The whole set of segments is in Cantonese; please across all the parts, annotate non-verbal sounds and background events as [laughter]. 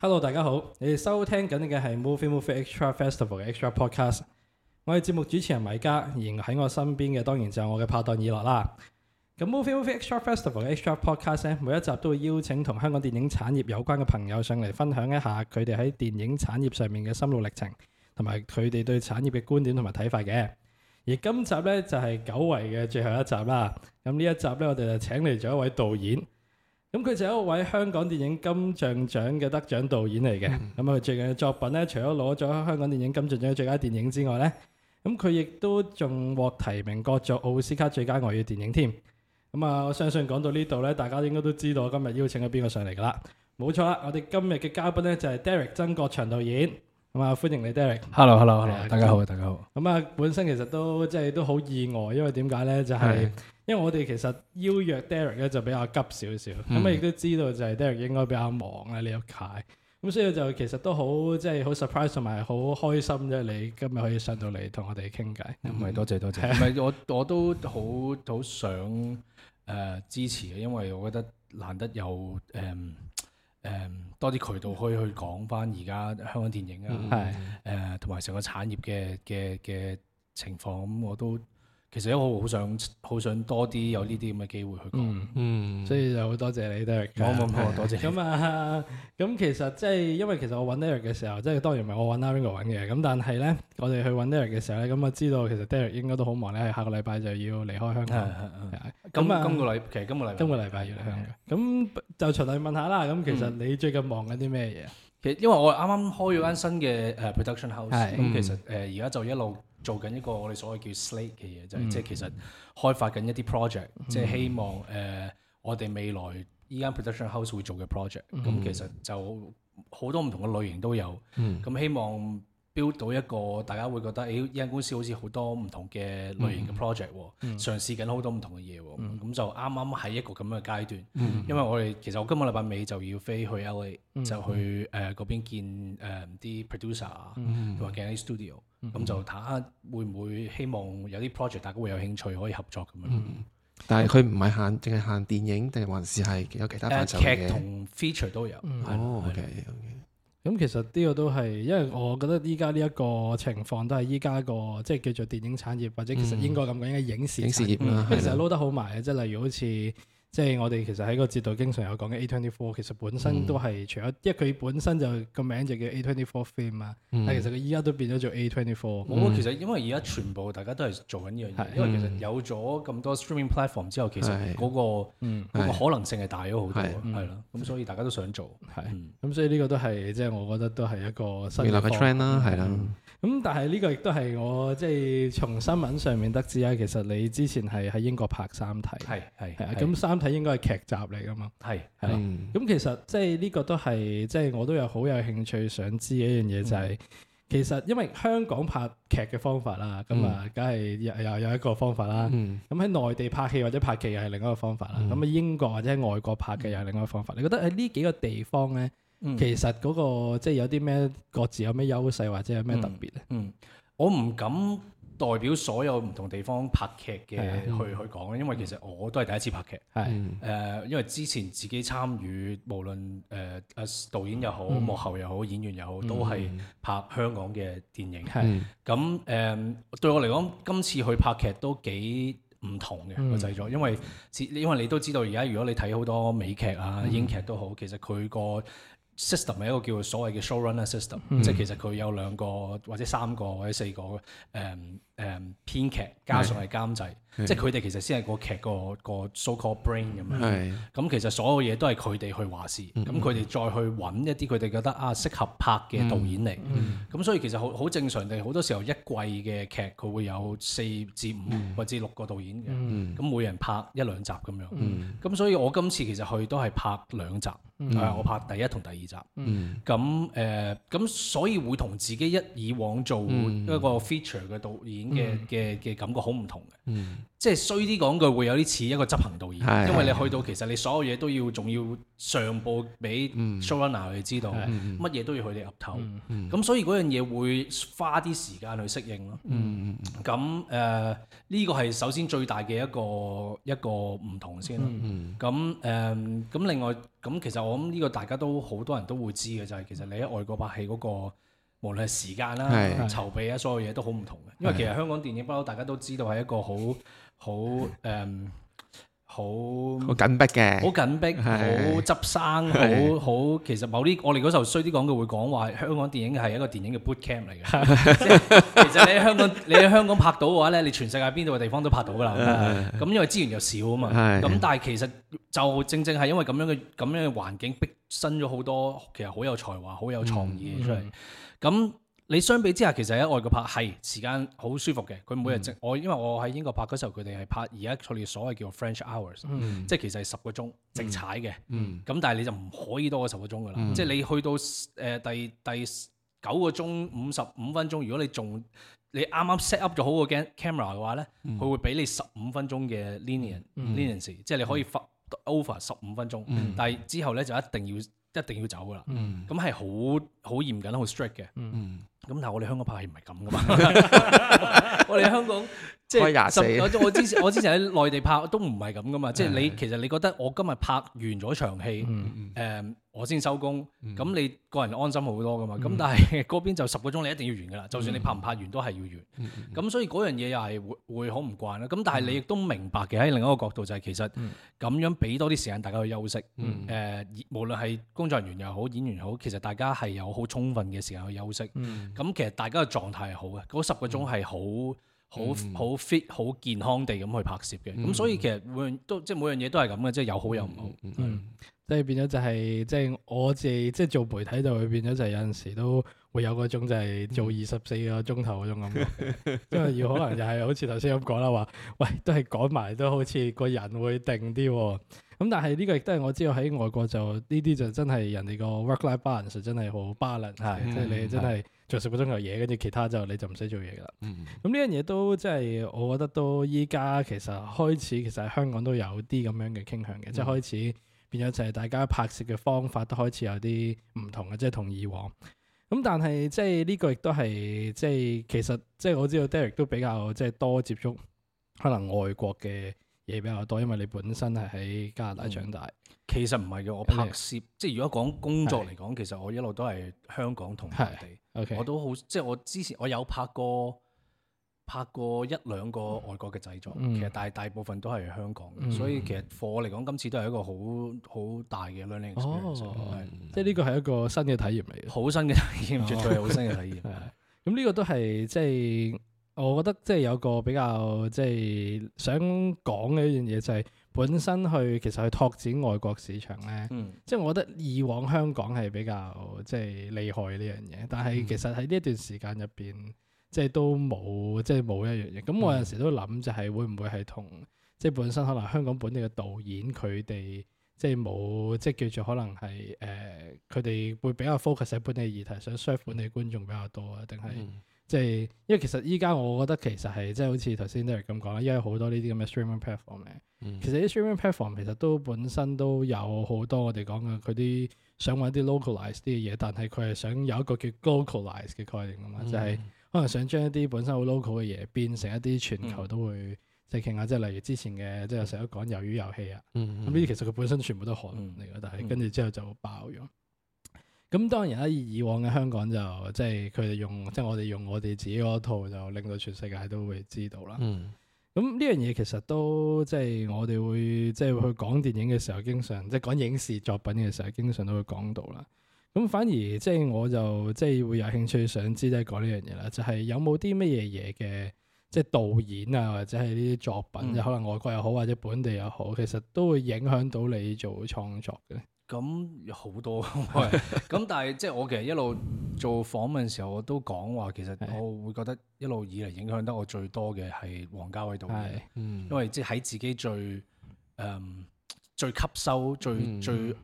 Hello，大家好！你哋收聽緊嘅係 Movie Movie Extra Festival 嘅 Extra Podcast。我係節目主持人米迦，而喺我身邊嘅當然就係我嘅拍檔以諾啦。咁 Movie Movie Extra Festival 嘅 Extra Podcast 咧，每一集都會邀請同香港電影產業有關嘅朋友上嚟分享一下佢哋喺電影產業上面嘅心路歷程，同埋佢哋對產業嘅觀點同埋睇法嘅。而今集咧就係久違嘅最後一集啦。咁呢一集咧，我哋就請嚟咗一位導演。咁佢就係一位香港電影金像獎嘅得獎導演嚟嘅，咁啊、嗯、最近嘅作品咧，除咗攞咗香港電影金像獎最佳電影之外咧，咁佢亦都仲獲提名角逐奧斯卡最佳外語電影添。咁啊，我相信講到呢度咧，大家應該都知道我今日邀請咗邊個上嚟噶啦，冇錯啦，我哋今日嘅嘉賓咧就係 Derek 曾國祥導演，咁啊歡迎你，Derek。Hello，Hello，Hello，hello, hello, 的大家好，大家好。咁啊，本身其實都即係都好意外，因為點解咧？就係、是。因為我哋其實邀約 Derek 咧就比較急少少，咁啊亦都知道就係 Derek 應該比較忙咧呢一屆，咁、嗯、所以就其實都好即係、就、好、是、surprise 同埋好開心即係！嗯、你今日可以上到嚟同我哋傾偈，唔係多謝多謝，唔係是我我都好好想誒、呃、支持嘅，因為我覺得難得有誒誒、呃呃、多啲渠道可以去講翻而家香港電影啊，誒同埋成個產業嘅嘅嘅情況，咁、嗯、我都。其實我好想，好想多啲有呢啲咁嘅機會去講，嗯，嗯，所以就好，好多謝你，Derek。多謝。咁啊，咁其實即係因為其實我揾 Derek 嘅時候，即係當然唔係我揾 Arvingo 揾嘅，咁但係咧，我哋去揾 Derek 嘅時候咧，咁啊知道其實 Derek 應該都好忙咧，係下個禮拜就要離開香港。咁啊，今個禮，其實今個禮今個禮拜要嚟香港。咁、啊啊、就循例問下啦。咁其實你最近忙緊啲咩嘢？其實因為我啱啱開咗間新嘅誒 production house，咁、嗯嗯嗯嗯嗯嗯嗯、其實誒而家就一路。做緊一個我哋所謂叫 slate 嘅嘢，嗯、就係即係其實開發緊一啲 project，即係、嗯、希望誒、呃、我哋未來依間 production house 會做嘅 project、嗯。咁其實就好多唔同嘅類型都有。咁、嗯、希望 build 到一個大家會覺得誒依間公司好似好多唔同嘅類型嘅 project、嗯、嘗試緊好多唔同嘅嘢。咁、嗯、就啱啱喺一個咁嘅階段。嗯、因為我哋其實我今個禮拜尾就要飛去 LA、嗯、就去誒嗰、呃、邊見啲、呃、producer 同埋、啊、agency studio。咁、嗯、就睇下會唔會希望有啲 project 大家會有興趣可以合作咁樣。嗯、但係佢唔係限，淨係限電影，定還是係有其他範疇嘅？劇同 feature 都有。嗯、對哦，OK OK。咁其實呢個都係，因為我覺得依家呢一個情況都係依家個即係、就是、叫做電影產業，或者其實、嗯、應該咁講，應該影視業啦，因為成日撈得好埋嘅，即係例如好似。即係我哋其實喺個節度經常有講嘅 A24 其實本身都係除咗，因為佢本身就個名就叫 A24 film 啊，但其實佢依家都變咗做 A24。冇其實因為而家全部大家都係做緊呢樣嘢，因為其實有咗咁多 streaming platform 之後，其實嗰個可能性係大咗好多，係咯。咁所以大家都想做，係。咁所以呢個都係即係我覺得都係一個新嘅 trend 啦，係啦。咁但係呢個亦都係我即係從新聞上面得知啊，其實你之前係喺英國拍三《三體》，係係係啊，咁《三體》應該係劇集嚟噶嘛？係係。咁其實即係呢個都係即係我都有好有興趣想知嘅一樣嘢，就是，就係、嗯、其實因為香港拍劇嘅方法啦，咁啊，梗係又又有一個方法啦。咁喺、嗯、內地拍戲或者拍劇又係另一個方法啦。咁啊英國或者喺外國拍嘅又係另一個方法。你覺得喺呢幾個地方咧？嗯、其實嗰、那個即係、就是、有啲咩各自有咩優勢或者有咩特別呢、嗯？嗯，我唔敢代表所有唔同地方拍劇嘅去、嗯、去，去講，因為其實我都係第一次拍劇。係誒、嗯，嗯、因為之前自己參與無論誒誒、呃、導演又好，嗯、幕後又好，演員又好，都係拍香港嘅電影。咁誒、嗯、對我嚟講，今次去拍劇都幾唔同嘅個製作，嗯、因為因為你都知道而家如果你睇好多美劇啊、英劇都好，其實佢個 system 係一個叫所謂嘅 showrunner system，嗯、即係其實佢有兩個或者三個或者四個誒誒、嗯嗯、編劇，加上係監製，是即係佢哋其實先係個劇、個個 so-called brain 咁是樣。係咁，其實所有嘢都係佢哋去話事，咁佢哋再去揾一啲佢哋覺得啊適合拍嘅導演嚟。咁、嗯嗯、所以其實好好正常地，好多時候一季嘅劇佢會有四至五、嗯、或者六個導演嘅，咁、嗯、每人拍一兩集咁樣。咁、嗯、所以我今次其實去都係拍兩集。係、mm hmm. 我拍第一同第二集，咁誒、mm，咁、hmm. 呃、所以會同自己一以往做一個 feature 嘅導演嘅嘅嘅感覺好唔同嘅。Mm hmm. 即係衰啲講句，會有啲似一個執行導演，因為你去到其實你所有嘢都要，仲要上報俾 showrunner 佢哋知道，乜嘢都要佢哋入頭。咁所以嗰樣嘢會花啲時間去適應咯。咁誒呢個係首先最大嘅一個一個唔同先啦。咁誒咁另外咁其實我諗呢個大家都好多人都會知嘅，就係其實你喺外國拍戲嗰個無論係時間啦、籌備啊，所有嘢都好唔同嘅。因為其實香港電影不嬲，大家都知道係一個好。好誒，好，um, 好緊逼嘅，緊迫好緊迫，的好執生，的好好。其實某啲我哋嗰時候衰啲講嘅會講話，香港電影係一個電影嘅 boot camp 嚟嘅。即係其實你喺香港，你喺香港拍到嘅話咧，你全世界邊度嘅地方都拍到噶啦。咁的的因為資源又少啊嘛。咁的但係其實就正正係因為咁樣嘅咁樣嘅環境，逼生咗好多其實好有才華、好有創意出嚟。咁、嗯嗯嗯你相比之下，其實喺外國拍係時間好舒服嘅。佢每日直，我，因為我喺英國拍嗰時候，佢哋係拍而家所謂所謂叫 French hours，即係其實係十個鐘直踩嘅。咁但係你就唔可以多過十個鐘㗎啦。即係你去到誒第第九個鐘五十五分鐘，如果你仲你啱啱 set up 咗好個 camera 嘅話咧，佢會俾你十五分鐘嘅 linen l i n e n 即係你可以發 over 十五分鐘，但係之後咧就一定要一定要走㗎啦。咁係好好嚴謹、好 strict 嘅。咁但係我哋香港拍戲唔係咁噶嘛？ [laughs] [laughs] 我哋香港即係十個鐘。我之前我之前喺內地拍都唔係咁噶嘛。 [laughs] 即係你 [laughs] 其實你覺得我今日拍完咗場戲，誒、 [music] 呃、我先收工，咁、 [music] 嗯、你個人安心好多噶嘛。咁 [music] 但係嗰邊就十個鐘你一定要完噶啦。就算你拍唔拍完都係要完。咁 [music] 所以嗰樣嘢又係會會好唔慣啦。咁但係你亦都明白嘅，喺另一個角度就係其實咁樣俾多啲時間大家去休息。誒、呃、無論係工作人員又好演員又好，其實大家係有好充分嘅時間去休息。 [music] 嗯咁其實大家嘅狀態係好嘅，嗰十個鐘係、嗯、好好好 fit、好健康地咁去拍攝嘅。咁、嗯、所以其實每樣都即係每樣嘢都係咁嘅，即係有好有唔好，嗯。嗯，即係、嗯、變咗就係即係我哋即係做媒體就會變咗，就係有陣時都會有嗰種就係做二十四個鐘頭嗰種咁。因為要可能又係好似頭先咁講啦，話喂都係趕埋都好似個人會定啲。咁、嗯、但係呢個亦都係我知道喺外國就呢啲就真係人哋個 work-life balance 真係好 balance、嗯，係即係你真係。做十個鐘頭嘢，跟住其他就你就唔使做嘢啦。咁呢樣嘢都即係我覺得都依家其實開始，其實香港都有啲咁樣嘅傾向嘅，嗯、即係開始變咗就係大家拍攝嘅方法都開始有啲唔同嘅，即係同以往。咁、嗯、但係即係呢個亦都係即係其實即係我知道 Derek 都比較即係多接觸可能外國嘅。嘢比較多，因為你本身係喺加拿大長大、嗯。其實唔係嘅，我拍攝即係如果講工作嚟講，其實我一路都係香港同內地，okay。我都好即係我之前我有拍過拍過一兩個外國嘅製作，嗯、其實但大部分都係香港。嗯、所以其實貨嚟講，今次都係一個好好大嘅 learning e x 即係呢個係一個新嘅體驗嚟嘅，好新嘅體驗，絕對係好新嘅體驗。咁呢、哦、個都係即係。就是就是我覺得即係有個比較即係想講嘅一樣嘢就係，是，本身去其實去拓展外國市場呢？嗯、即係我覺得以往香港係比較即係厲害呢樣嘢，但係其實喺呢一段時間入邊即係都冇即係冇一樣嘢。咁、嗯、我有陣時都諗就係會唔會係同即係本身可能香港本地嘅導演佢哋即係冇即係叫做可能係誒佢哋會比較 focus 喺本地議題，想 serve 本地觀眾比較多啊，定係？嗯即係，因為其實依家我覺得其實係即係好似頭先 Deer 咁講啦，因為好多呢啲咁嘅 streaming platform、嗯、其實啲 streaming platform 其實都本身都有好多我哋講嘅佢啲想揾啲 localize 啲嘅嘢，但係佢係想有一個叫 localize 嘅概念㗎嘛，嗯、就係可能想將一啲本身好 local 嘅嘢變成一啲全球都會、嗯、即係傾下，即係例如之前嘅、嗯、即係成日都講魷魚遊戲啊，咁呢啲其實佢本身全部都可能嚟㗎，嗯、但係跟住之後就爆咗。咁當然啦、啊，以往嘅香港就即係佢哋用，即係我哋用我哋自己嗰套，就令到全世界都會知道啦。咁呢、嗯、樣嘢其實都即係我哋會即係去講電影嘅時候，經常即係講影視作品嘅時候，經常都會講到啦。咁反而即係我就即係會有興趣想知即係講呢樣嘢啦，就係、是、有冇啲乜嘢嘢嘅即係導演啊，或者係呢啲作品，嗯、可能外國又好或者本地又好，其實都會影響到你做創作嘅咧。咁有好多，咁但係即係我其實一路做訪問嘅時候，我都講話其實我會覺得一路以嚟影響得我最多嘅係王家衛導演，因為即係喺自己最誒最吸收、最最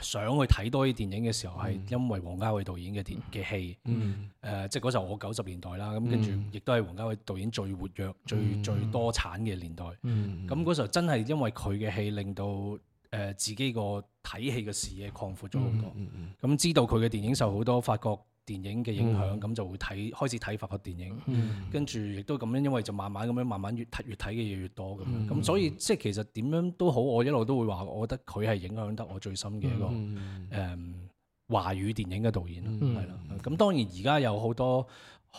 想去睇多啲電影嘅時候，係因為王家衛導演嘅電嘅戲，誒，即係嗰時候我九十年代啦，咁跟住亦都係王家衛導演最活躍、最最多產嘅年代，咁嗰時候真係因為佢嘅戲令到。誒自己個睇戲嘅視野擴闊咗好多，咁知道佢嘅電影受好多法國電影嘅影響，咁就會睇開始睇法國電影，跟住亦都咁樣，因為就慢慢咁樣，慢慢越睇越睇嘅嘢越多咁咁，所以即係其實點樣都好，我一路都會話，我覺得佢係影響得我最深嘅一個誒華語電影嘅導演啦，係啦。咁當然而家有好多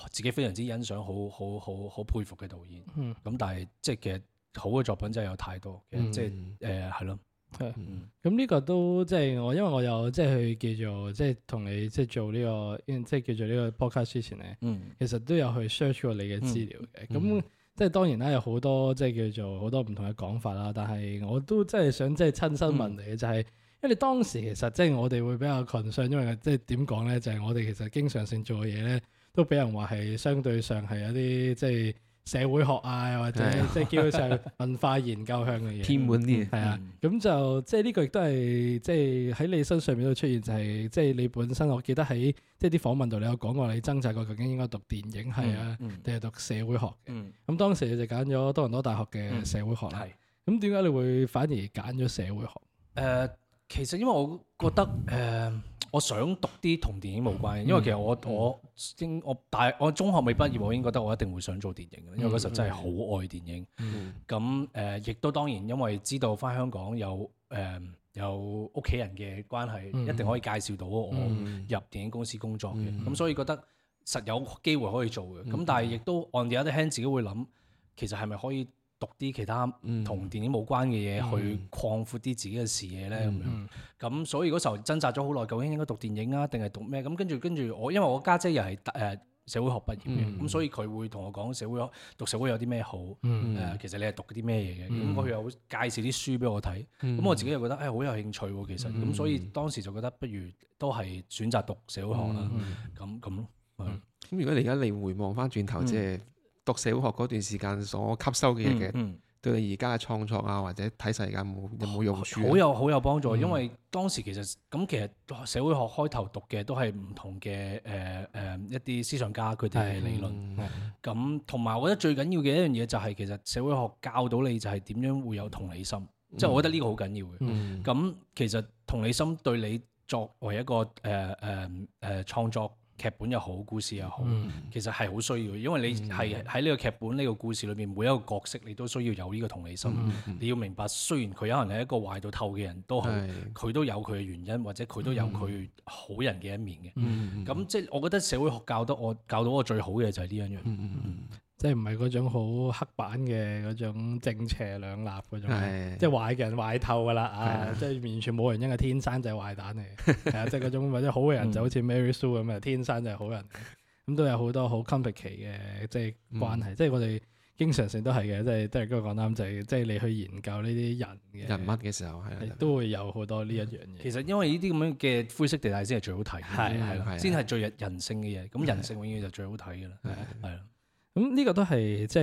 自己非常之欣賞、好好好好佩服嘅導演，咁但係即係其實好嘅作品真係有太多，即係誒係咯。係，咁呢、嗯嗯、個都即係我，因為我有即係去叫做即係同你即係做呢個，即係叫做個呢個 podcast 之前咧，其實都有去 search 過你嘅資料嘅、嗯。咁即係當然啦，有好多即係叫做好多唔同嘅講法啦。但係我都真係想即係親身問你嘅，就係因為你當時其實即係我哋會比較 concern，因為即係點講咧，就係我哋其實經常性做嘅嘢咧，都俾人話係相對上係一啲即係。社會學啊，又或者即係叫上文化研究向嘅嘢， [laughs] 偏門啲係啊。咁、嗯、就即係呢個亦都係即係喺你身上面都出現、就是，就係即係你本身。我記得喺即係啲訪問度，你有講過你掙扎過究竟應該讀電影係、嗯、啊，定係讀社會學嘅。咁、嗯、當時你就揀咗多倫多大學嘅社會學啦。咁點解你會反而揀咗社會學？誒、呃，其實因為我覺得誒。呃我想讀啲同電影冇關嘅，因為其實我、嗯、我應我大我中學未畢業，嗯、我已經覺得我一定會想做電影嘅，因為嗰時真係好愛電影。咁誒、嗯，亦、呃、都當然因為知道返香港有誒、呃、有屋企人嘅關係，嗯、一定可以介紹到我入電影公司工作嘅。咁、嗯、所以覺得實有機會可以做嘅。咁、嗯、但係亦都 on the other hand 自己會諗，其實係咪可以？讀啲其他同電影冇關嘅嘢，去擴闊啲自己嘅視野呢。咁樣。咁所以嗰時候掙扎咗好耐，究竟應該讀電影啊，定係讀咩？咁跟住跟住我，因為我家姐又係誒社會學畢業嘅，咁所以佢會同我講社會學讀社會有啲咩好？其實你係讀啲咩嘢嘅？咁佢又介紹啲書俾我睇。咁我自己又覺得誒好有興趣喎，其實。咁所以當時就覺得不如都係選擇讀社會學啦。咁咁咁如果你而家你回望翻轉頭，即係。讀社會學嗰段時間所吸收嘅嘢嘅，嗯、對你而家嘅創作啊，或者睇世界冇有冇用處好？好有好有幫助，嗯、因為當時其實咁，其實社會學開頭讀嘅都係唔同嘅誒誒一啲思想家佢哋嘅理論。咁同埋，我覺得最緊要嘅一樣嘢就係、是，其實社會學教到你就係點樣會有同理心，即係、嗯、我覺得呢個好緊要嘅。咁、嗯嗯、其實同理心對你作為一個誒誒誒創作。劇本又好，故事又好，嗯、其實係好需要，因為你係喺呢個劇本、呢個故事裏面，嗯、每一個角色你都需要有呢個同理心。嗯嗯、你要明白，雖然佢有可能係一個壞到透嘅人，都係佢都有佢嘅原因，或者佢都有佢好人嘅一面嘅。咁、嗯嗯嗯、即係我覺得社會學教得我教到我最好嘅就係呢一樣。嗯嗯嗯嗯即係唔係嗰種好黑板嘅嗰種正邪兩立嗰種，即係壞嘅人壞透噶啦啊！即係完全冇原因嘅，天生就係壞蛋嚟嘅，係啊！即係嗰種或者好嘅人就好似 Mary Sue 咁嘅，天生就係好人，咁都有好多好 complicated 嘅即係關係，即係我哋經常性都係嘅，即係都係嗰個講啱仔，即係你去研究呢啲人嘅人物嘅時候，係都會有好多呢一樣嘢。其實因為呢啲咁樣嘅灰色地帶先係最好睇，係係先係最人性嘅嘢。咁人性永遠就最好睇噶啦，係啦。咁呢個都係即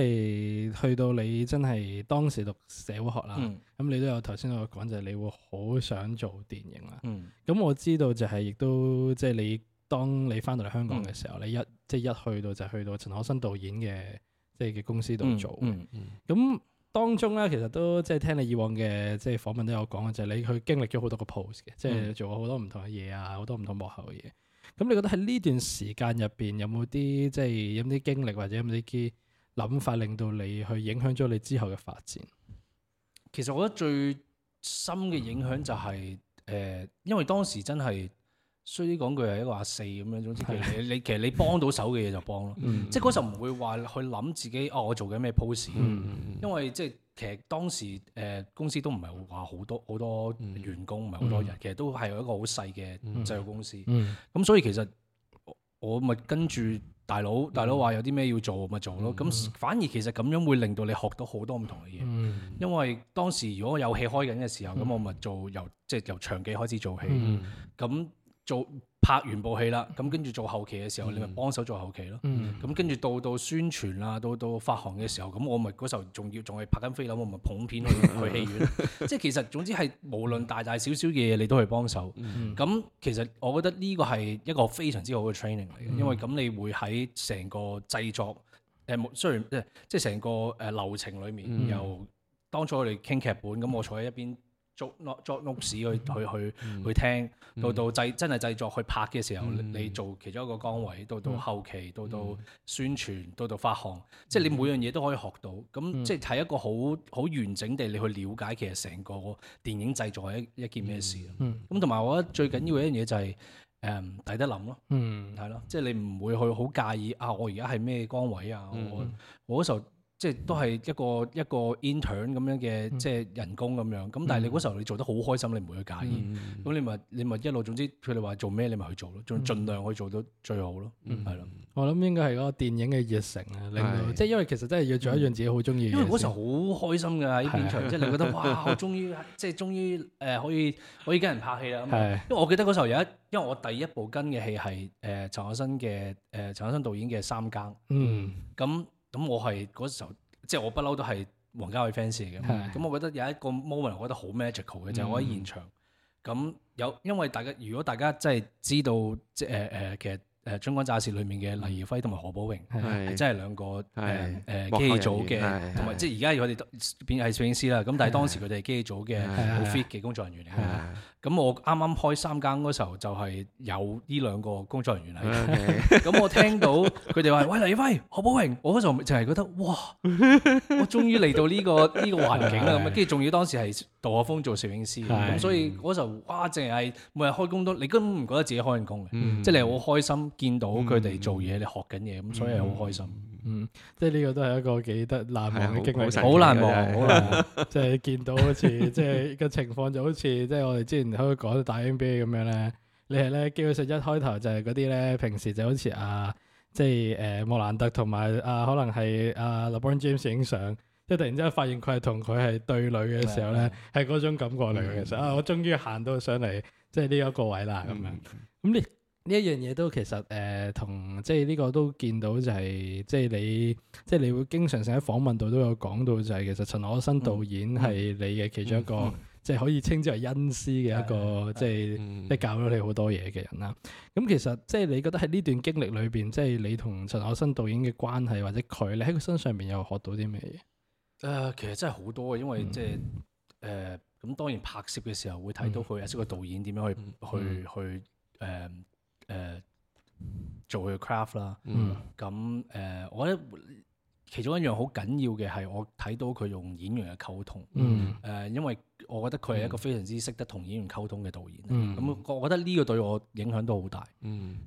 係去到你真係當時讀社會學啦，咁、嗯嗯、你都有頭先我有講就係、是、你會好想做電影啦。咁、嗯、我知道就係、是、亦都即係你當你翻到嚟香港嘅時候，嗯、你一即係一去到就去到陳可辛導演嘅即係嘅公司度做。咁、嗯嗯嗯、當中呢，其實都即係聽你以往嘅即係訪問都有講嘅，就係、是、你去經歷咗好多個 pose 嘅、嗯，即係做過好多唔同嘅嘢啊，好多唔同幕後嘅嘢。咁你覺得喺呢段時間入面有冇啲即係有啲經歷，或者有啲啲諗法，令到你去影響咗你之後嘅發展？其實我覺得最深嘅影響就係、是呃，因為當時真係。所以講句係一個阿四咁樣，總之其實你其實你幫到手嘅嘢就幫咯，即係嗰時候唔會話去諗自己哦，我做緊咩 pose，因為即係其實當時誒公司都唔係話好多好多員工，唔係好多人，其實都係一個好細嘅製造公司。咁所以其實我咪跟住大佬，大佬話有啲咩要做咪做咯。咁反而其實咁樣會令到你學到好多唔同嘅嘢，因為當時如果有戲開緊嘅時候，咁我咪做由即係由場記開始做戲，咁。做拍完部戲啦，咁跟住做後期嘅時候，嗯、你咪幫手做後期咯。咁跟住到到宣傳啊，到到發行嘅時候，咁我咪嗰時候仲要仲係拍緊菲林，我咪捧片去去戲院。即係、嗯、其實總之係無論大大小小嘅嘢，你都係幫手。咁、嗯、其實我覺得呢個係一個非常之好嘅 training 嚟嘅，嗯、因為咁你會喺成個製作誒雖然即係即係成個誒流程裡面，嗯、由當初我哋傾劇本，咁我坐喺一邊。做做 notes 去去去去聽，到到製真係製作去拍嘅時候，嗯、你做其中一個崗位，到到後期，到到宣傳，嗯、到到發行，即係你每樣嘢都可以學到。咁、嗯、即係睇一個好好完整地你去了解其實成個電影製作係一一件咩事。咁同埋我覺得最緊要一樣嘢就係、是、誒、嗯、抵得諗咯，係咯、嗯，即係你唔會去好介意啊，我而家係咩崗位啊？我我嗰時候。即係都係一個一個 intern 咁樣嘅即係人工咁樣，咁但係你嗰時候你做得好開心，你唔會去介意。咁、嗯、你咪你咪一路，總之佢哋話做咩你咪去做咯，盡儘量可以做到最好咯，係咯、嗯。的我諗應該係嗰個電影嘅熱誠啊，令到的即係因為其實真係要做一樣自己好中意。因為嗰時候好開心㗎喺片場，是的 即係你覺得哇，我終於即係終於誒、呃、可以可以跟人拍戲啦咁。是的 因為我記得嗰時候有一，因為我第一部跟嘅戲係誒、呃、陳可辛嘅誒陳可辛導演嘅《三更》。嗯。咁。咁我係嗰時候，即係我不嬲都係王家衛 fans 嚟嘅。咁的我覺得有一個 moment 我覺得好 magical 嘅就係、我喺現場。咁、嗯、有因為大家如果大家真係知道即係誒誒，其實誒《春光乍泄》裏面嘅黎耀輝同埋何寶榮係的真係兩個誒誒的、uh, uh, 機器組嘅，同埋即係而家佢哋變係攝影師啦。咁但係當時佢哋係機器組嘅好 fit 嘅工作人員嚟嘅。咁我啱啱開三更嗰時候就係有呢兩個工作人員喺度，咁 Okay. 我聽到佢哋話：喂嚟，喂何寶榮，我嗰時候就係覺得哇， [laughs] 我終於嚟到呢、這個呢、這個環境啦。咁啊，跟住仲要當時係杜可風做攝影師，咁的所以嗰時候哇，淨係每日開工都，你根本唔覺得自己開緊工嘅，即係、嗯、你係好開心，見到佢哋做嘢，你學緊嘢，咁、嗯、所以係好開心。嗯，即係呢個都係一個幾得難忘嘅經歷，好難忘，好難忘即係見到好似， [laughs] 即係個情況就好似，即係我哋之前喺度講打 NBA 咁樣咧，你係咧基本上一開頭就係嗰啲咧，平時就好似阿、啊、即係誒莫蘭特同埋阿可能係阿 LeBron James 影相，即係突然之間發現佢係同佢係對壘嘅時候咧，係嗰對種感覺嚟嘅，其實、嗯、啊，我終於行到上嚟，即係呢一個位啦，咁樣，咁、嗯、你。呢一樣嘢都其實誒、呃、同即係呢個都見到就係、是、即係你即係你會經常性喺訪問度都有講到就係其實陳可辛導演係你嘅其中一個即係、嗯嗯嗯、可以稱之為恩師嘅一個即係、嗯嗯、即教咗你好多嘢嘅人啦。咁、嗯嗯、其實即係你覺得喺呢段經歷裏邊，即、就、係、是、你同陳可辛導演嘅關係，或者佢你喺佢身上面又學到啲咩嘢？誒、呃，其實真係好多嘅，因為即係誒咁當然拍攝嘅時候會睇到佢有識個導演點樣去去去誒。嗯嗯嗯嗯誒、呃、做佢嘅 craft 啦，咁誒、mm. 嗯呃，我覺得其中一樣好緊要嘅係我睇到佢用演員嘅溝通，誒、mm. 呃，因為我覺得佢係一個非常之識得同演員溝通嘅導演，咁、mm. 嗯、我覺得呢個對我影響都好大。咁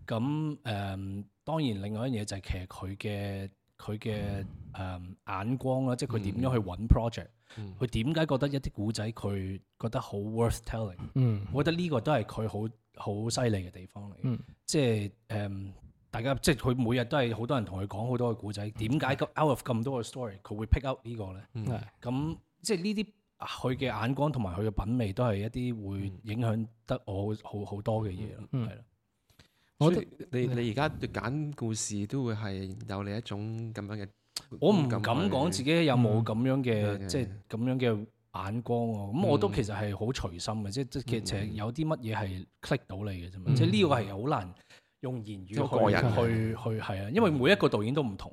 誒、mm. 嗯，當然另外一樣嘢就係其實佢嘅佢嘅誒眼光啦，mm. 即係佢點樣去揾 project，佢點解覺得一啲古仔佢覺得好 worth telling？Mm. 我覺得呢個都係佢好。好犀利嘅地方嚟嘅，即係誒大家，即係佢每日都係好多人同佢講好多嘅故仔。點解 out of 咁多個 story，佢會 pick up 呢個咧？咁即係呢啲佢嘅眼光同埋佢嘅品味，都係一啲會影響得我好好多嘅嘢咯。係咯、嗯的，我你你而家揀故事都會係有你一種咁樣嘅，我唔敢講自己有冇咁樣嘅，即係咁樣嘅。眼光喎，咁我都其實係好隨心嘅，即即其實有啲乜嘢係 click 到你嘅啫嘛，即呢個係好難用言語去去去係啊，因為每一個導演都唔同，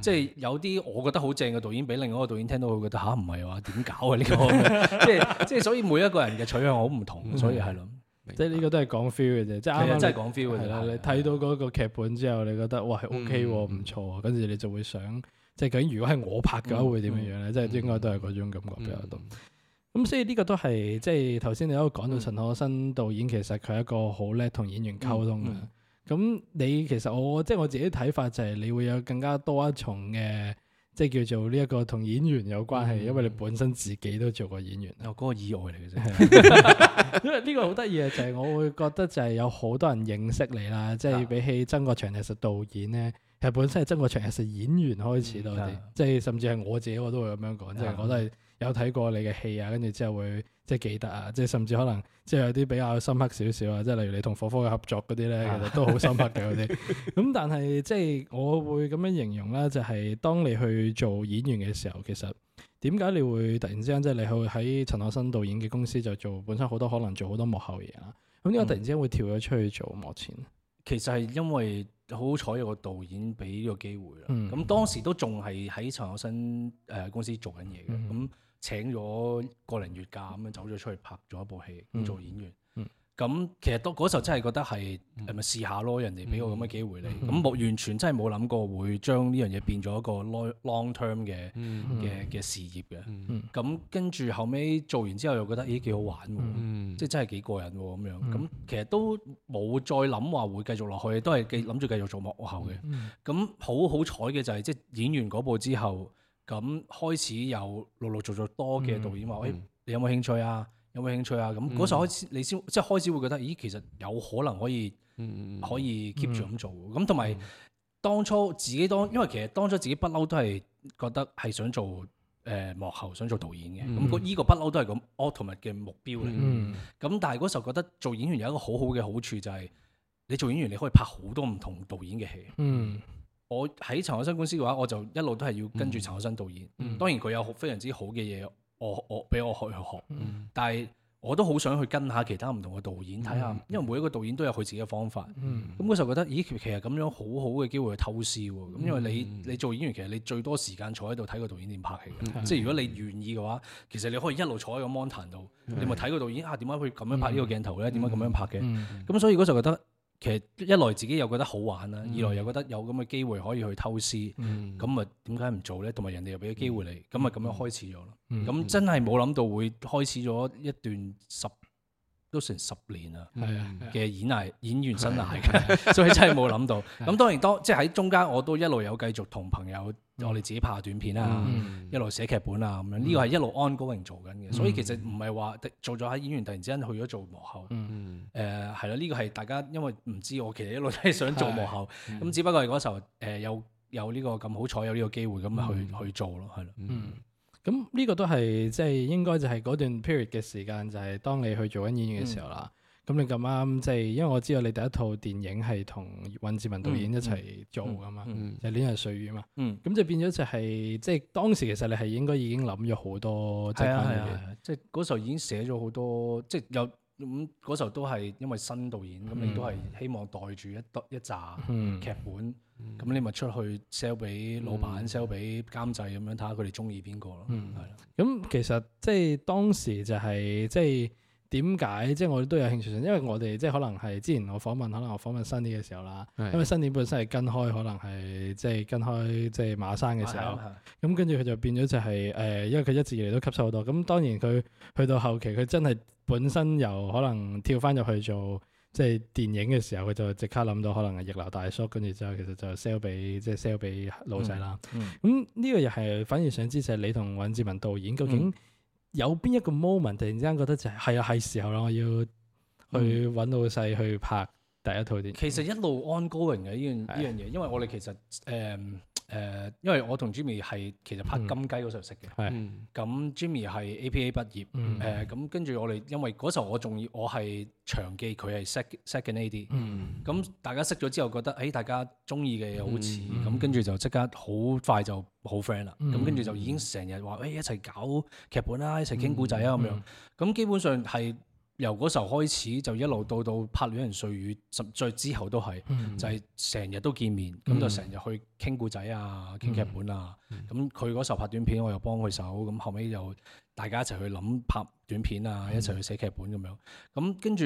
即有啲我覺得好正嘅導演，俾另一個導演聽到佢覺得吓，唔係話點搞啊呢個，即即所以每一個人嘅取向好唔同，所以係咯，即呢個都係講 feel 嘅啫，即啱啱真係講 feel 嘅啦。你睇到嗰個劇本之後，你覺得嘩 OK 唔錯啊，跟住你就會想。即係究竟如果係我拍嘅話會點樣樣咧？即係應該都係嗰種感覺比較多。咁所以呢個都係即係頭先你都講到陳可辛導演，其實佢係一個好叻同演員溝通嘅。咁你其實我即係我自己睇法就係你會有更加多一重嘅，即係叫做呢一個同演員有關係，因為你本身自己都做過演員。哦，嗰個意外嚟嘅啫。因為呢個好得意嘅就係我會覺得就係有好多人認識你啦。即係比起曾國祥其實導演咧。其實本身係曾國祥，其實演員開始多啲，即係、嗯、甚至係我自己我都會咁樣講，即係、嗯、我都係有睇過你嘅戲啊，跟住之後會即係、就是、記得啊，即、就、係、是、甚至可能即係、就是、有啲比較深刻少少啊，即、就、係、是、例如你同火火嘅合作嗰啲咧，嗯、其實都好深刻嘅嗰啲。咁、嗯、但係即係我會咁樣形容啦，就係、是、當你去做演員嘅時候，其實點解你會突然之間即係、就是、你去喺陳可辛導演嘅公司就做，本身好多可能做好多幕後嘢啦。咁點解突然之間會跳咗出去做幕前？嗯、其實係因為。好彩有個導演俾呢個機會啦，咁、嗯、當時都仲係喺陳可辛誒公司做緊嘢嘅，咁、嗯、請咗個零月假咁樣、嗯、走咗出去拍咗一部戲，咁做演員。嗯咁其實都嗰時候真係覺得係誒咪試下咯，人哋俾我咁嘅機會你，咁冇完全真係冇諗過會將呢樣嘢變咗一個 long-term 嘅嘅嘅事業嘅。咁跟住後尾做完之後又覺得咦幾好玩喎，即係真係幾過癮喎咁樣。咁其實都冇再諗話會繼續落去，都係諗住繼續做幕後嘅。咁好好彩嘅就係即係演完嗰部之後，咁開始有陸陸續續多嘅導演話：喂，你有冇興趣啊？有冇興趣啊？咁嗰時候開始你，你先、嗯、即係開始會覺得，咦，其實有可能可以、嗯、可以 keep 住咁做。咁同埋當初自己當，因為其實當初自己不嬲都係覺得係想做誒、呃、幕後，想做導演嘅。咁、嗯、個呢個不嬲都係 ultimate 嘅目標嚟。咁、嗯、但係嗰時候覺得做演員有一個好好嘅好處就係，你做演員你可以拍好多唔同導演嘅戲。嗯，我喺陳可辛公司嘅話，我就一路都係要跟住陳可辛導演。嗯嗯嗯、當然佢有好非常之好嘅嘢。我我俾我去去學，學嗯、但係我都好想去跟下其他唔同嘅導演睇下，看看，嗯、因為每一個導演都有佢自己嘅方法。咁我就候覺得，咦，其實咁樣好好嘅機會去偷師喎。咁、嗯、因為你你做演員，其實你最多時間坐喺度睇個導演點拍戲嘅。嗯、即係如果你願意嘅話，其實你可以一路坐喺個 mon 台度，嗯、你咪睇個導演啊，點解佢咁樣拍呢個鏡頭咧？點解咁樣拍嘅？咁所以我就候覺得。其實一來自己又覺得好玩啦，嗯、二來又覺得有咁嘅機會可以去偷師，咁啊點解唔做呢？同埋人哋又俾咗機會你，咁啊咁樣開始咗啦。咁、嗯、真係冇諗到會開始咗一段十都成十年啦，嘅演藝演員生涯嘅，所以真係冇諗到。咁當然當即係喺中間，我都一路有繼續同朋友，我哋自己拍短片啊，一路寫劇本啊咁樣。呢個係一路安高興做緊嘅，所以其實唔係話做咗喺演員，突然之間去咗做幕後。誒係啦，呢個係大家因為唔知我其實一路都係想做幕後，咁只不過係嗰時候誒有有呢個咁好彩有呢個機會咁去去做咯，係啦。咁呢個都係即係應該就係嗰段 period 嘅時間，就係、是、當你去做緊演員嘅時候啦。咁、嗯、你咁啱即係，就是、因為我知道你第一套電影係同尹志文導演一齊做噶嘛，就、嗯《戀、嗯、人歲月》嘛。咁、嗯、就變咗就係即係當時其實你係應該已經諗咗好多係啊，係啊，係啊，即係嗰時候已經寫咗好多，即係有咁嗰、嗯、時候都係因為新導演，咁、嗯、你都係希望袋住一堆一紮劇本。嗯咁、嗯、你咪出去 sell 俾老闆，sell 俾監製咁樣，睇下佢哋中意邊個咯。嗯，係啦。咁其實即係當時就係即係點解？即、就、係、是就是就是、我都有興趣，因為我哋即係可能係之前我訪問，可能我訪問新年嘅時候啦。的因為新年本身係跟開，可能係即係跟開即係、就是、馬山嘅時候。咁跟住佢就變咗就係、是、誒、呃，因為佢一直以嚟都吸收好多。咁、嗯、當然佢去到後期，佢真係本身由可能跳翻入去做。即係電影嘅時候，佢就即刻諗到可能係逆流大叔，跟住之後其實就 sell 俾即係 sell 俾老細啦。咁呢、嗯嗯嗯，這個又係反而想知就係你同尹志文導演，究竟有邊一個 moment 突然之間覺得就係、係、係啊係時候啦，我要去揾老細去拍。嗯第一套啲其實一路 ongoing 嘅呢樣呢樣嘢，因為我哋其實誒誒，因為我同 Jimmy 係其實拍金雞嗰時候識嘅，咁 Jimmy 係 APA 畢業，誒咁跟住我哋，因為嗰時候我仲要，我係場記，佢係 second second AD，咁大家識咗之後覺得誒大家中意嘅嘢好似，咁跟住就即刻好快就好 friend 啦，咁跟住就已經成日話誒一齊搞劇本啦，一齊傾故仔啊咁樣，咁基本上係。由嗰時候開始就一路到到拍戀人歲月，十再之後都係，嗯、就係成日都見面，咁、嗯、就成日去傾故仔啊、傾劇本啊。咁佢嗰時候拍短片，我又幫佢手，咁後尾又大家一齊去諗拍短片啊，嗯、一齊去寫劇本咁樣。咁跟住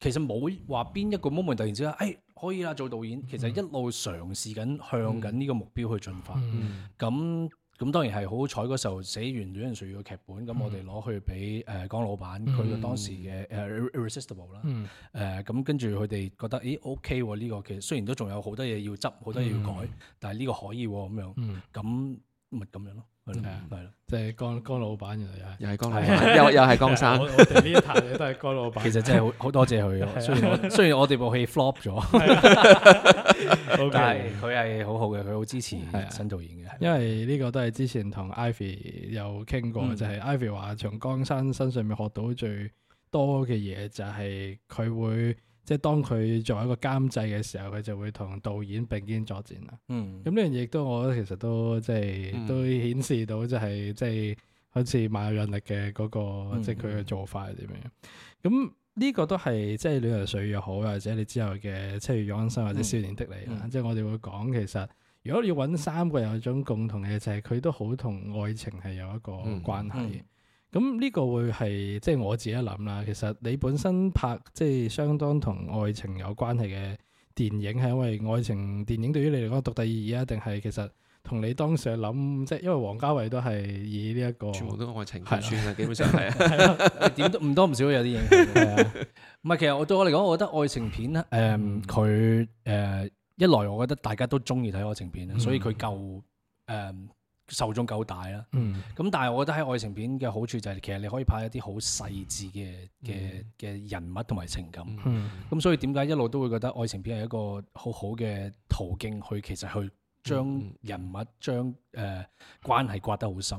其實冇話邊一個 moment 突然之間，哎可以啦做導演。嗯、其實一路嘗試緊向緊呢個目標去進發。咁、嗯嗯嗯嗯嗯嗯咁當然係好彩嗰時候寫完戀人絮語個劇本，咁、嗯、我哋攞去俾誒江老闆，佢嘅當時嘅誒 irresistible 啦，誒咁、嗯啊、跟住佢哋覺得咦、欸、OK 呢、哦這個其實雖然都仲有好多嘢要執，好多嘢要改，嗯、但係呢個可以咁、哦、樣，咁咪咁樣咯。係啊，係咯，即係江江老闆，原來又係江老闆，又又係江生。我哋呢一排嘢都係江老闆。其實真係好好多謝佢，雖然雖然我哋部戲 flop 咗，但係佢係好好嘅，佢好支持新導演嘅。因為呢個都係之前同 Ivy 有傾過，就係 Ivy 話從江生身上面學到最多嘅嘢，就係佢會。即係當佢作為一個監製嘅時候，佢就會同導演並肩作戰啦。嗯，咁呢樣嘢都我覺得其實都即係都顯示到、就係、即係、那個、即係好似萬有引力嘅嗰個即係佢嘅做法係點樣、嗯嗯、樣？咁、這、呢個都係即係《戀人絮語》又好，或者你之後嘅《七月與安生》或者《少年的你》啦、嗯。即係我哋會講其實，如果你要揾三個人有種共同嘅就係、是、佢都好同愛情係有一個關係。嗯嗯嗯咁呢個會係即係我自己一諗啦，其實你本身拍即係、就是、相當同愛情有關係嘅電影，係因為愛情電影對於你嚟講獨特意義啊？定係其實同你當時嘅諗，即、就、係、是、因為王家衞都係以呢、這、一個全部都愛情係算啦，基本上係 [laughs] 啊，點都唔 [laughs] 多唔少有啲影響。唔係， [laughs] 其實我對我嚟講，我覺得愛情片咧，誒、um,，佢、uh, 誒一來，我覺得大家都中意睇愛情片，um, 所以佢夠誒。Um, 受眾夠大啦，咁、嗯、但係我覺得喺愛情片嘅好處就係其實你可以拍一啲好細緻嘅嘅嘅人物同埋情感，咁、嗯、所以點解一路都會覺得愛情片係一個好好嘅途徑去其實去。將人物將誒關係刮得好深，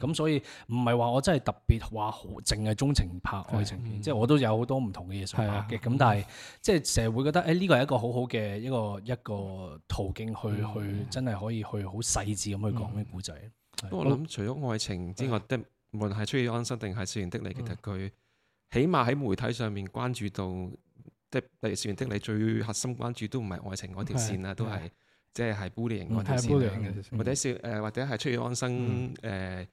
咁所以唔係話我真係特別話好，淨係鍾情拍愛情片，即係我都有好多唔同嘅嘢想拍嘅。咁但係即係成日會覺得，誒呢個係一個好好嘅一個一個途徑，去去真係可以去好細緻咁去講啲故仔。我諗除咗愛情之外，即係無論係《七月與安生》定係《少年的你》，其實佢起碼喺媒體上面關注到，即係例如《少年的你》，最核心關注都唔係愛情嗰條線啦，都係。即係玻璃型或者善或者少誒，或者係七月與安生誒，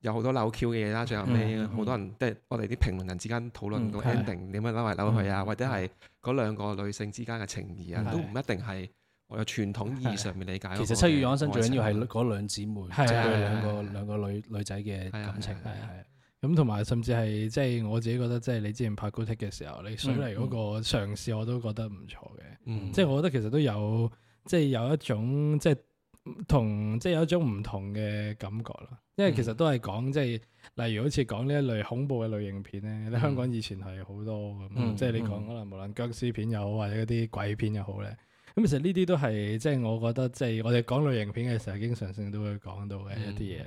有好多扭 Q 嘅嘢啦。最後尾，好多人即係我哋啲評論人之間討論個 ending 點樣扭嚟扭去啊，或者係嗰兩個女性之間嘅情誼啊，都唔一定係我哋傳統意義上面理解。其實七月與安生，最緊要係嗰兩姊妹，即係兩個兩個女女仔嘅感情。係係，咁同埋甚至係即係我自己覺得，即係你之前拍 Good Take 嘅時候，你水嚟嗰個嘗試，我都覺得唔錯嘅。即係我覺得其實都有。即係有一種即係同即係有一種唔同嘅感覺啦，因為其實都係講即係例如好似講呢一類恐怖嘅類型片咧，你、嗯、香港以前係好多咁，嗯、即係你講可能無論殭屍片又好或者嗰啲鬼片又好咧，咁其實呢啲都係即係我覺得即係我哋講類型片嘅時候經常性都會講到嘅、嗯、一啲嘢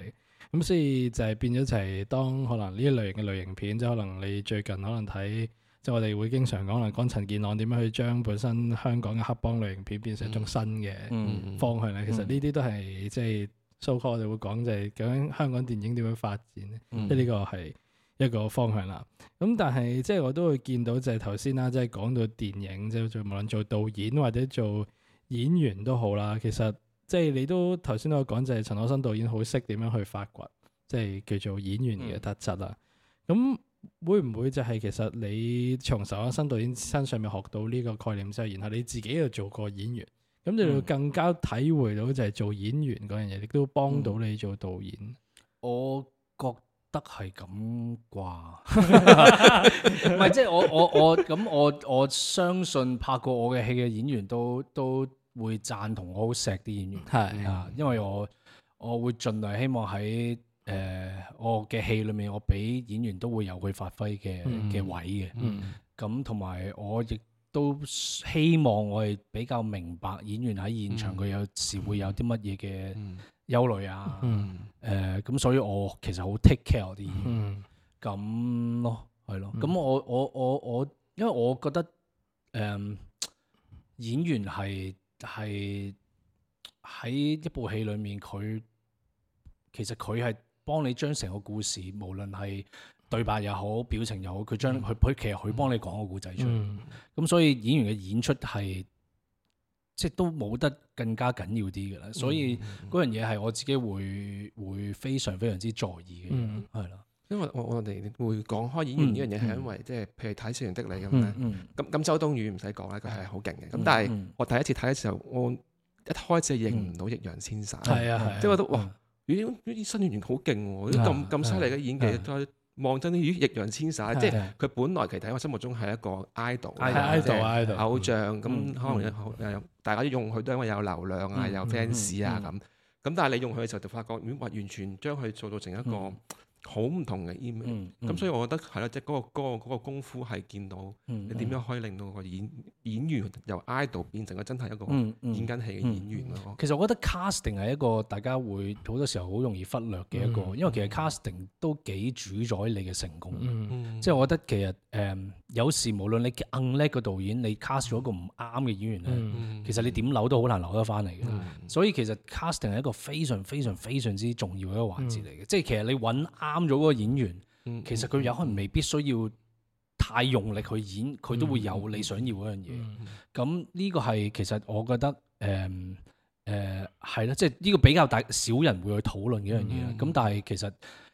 咁，所以就係變咗一齊，當可能呢一類型嘅類型片，即係可能你最近可能睇。就我哋會經常講啦，講陳健朗點樣去將本身香港嘅黑幫類型片變成一種新嘅方向咧。嗯嗯、其實呢啲都係、嗯、即係 showcase 我哋會講就係究竟香港電影點樣發展咧，嗯、即係呢個係一個方向啦。咁、嗯、但係即係我都會見到，就係頭先啦，即係講到電影，即係做無論做導演或者做演員都好啦。其實即係你都頭先都有講，就係陳可辛導演好識點樣去發掘，即係叫做演員嘅特質啦。咁、嗯嗯嗯嗯會唔會就係其實你從陳可辛導演身上面學到呢個概念之後，然後你自己又做過演員，咁你、嗯、就會更加體會到就係做演員嗰樣嘢，亦、嗯、都幫到你做導演。我覺得係咁啩，唔係即係我我我咁我我相信拍過我嘅戲嘅演員都都會贊同，我好錫啲演員係是啊，是啊、因為我我會盡量希望喺。誒，uh, 我嘅戲裏面，我俾演員都會有佢發揮嘅嘅、嗯、位嘅，咁同埋我亦都希望我係比較明白演員喺現場佢、嗯、有時會有啲乜嘢嘅憂慮啊，誒、嗯，咁、嗯 uh, 所以我其實好 take care 啲，咁、嗯嗯、咯，係咯，咁、嗯、我我我我,我，因為我覺得誒，um, 演員係係喺一部戲裏面，佢其實佢係。幫你將成個故事，無論係對白又好，表情又好，佢將佢佢其實佢幫你講個故仔出嚟。咁、嗯、所以演員嘅演出係即係都冇得更加緊要啲嘅啦。所以嗰樣嘢係我自己會會非常非常之在意嘅。係啦，嗯、嗯嗯，因為我我哋會講開演員呢樣嘢，係因為即係譬如睇《少年的你》咁咧。咁咁、嗯嗯，周冬雨唔使講啦，佢係好勁嘅。咁但係我第一次睇嘅時候，我一開始認唔到易烊千璽，係啊、嗯，即係覺得哇！咦！啲啲新演員好勁喎，啲咁咁犀利嘅演技，再望真啲，咦！易烊千璽，的即係佢本來其實喺我心目中係一個 idol，的偶像偶像咁，可能有大家用佢都因為有流量啊，有 fans 啊咁，咁的但係你用佢嘅時候就發覺，咦！完全將佢做到成一個好唔同嘅 image，咁所以我覺得係啦，即係嗰個歌嗰個功夫係見到你點樣可以令到個演演員由 idol 變成個真係一個演緊戲嘅演員咯。其實我覺得 casting 係一個大家會好多時候好容易忽略嘅一個，因為其實 casting 都幾主宰你嘅成功。即係我覺得其實誒有時無論你硬叻個導演，你 cast 咗一個唔啱嘅演員咧，其實你點扭都好難扭得翻嚟嘅。所以其實 casting 係一個非常非常非常之重要嘅一個環節嚟嘅，即係其實你揾啱。咁咗嗰個演員，其實佢有可能未必需要太用力去演，佢都會有你想要嗰樣嘢。咁呢個係其實我覺得，誒誒係咯，即係呢個比較大少人會去討論嘅一樣嘢。咁但係其實，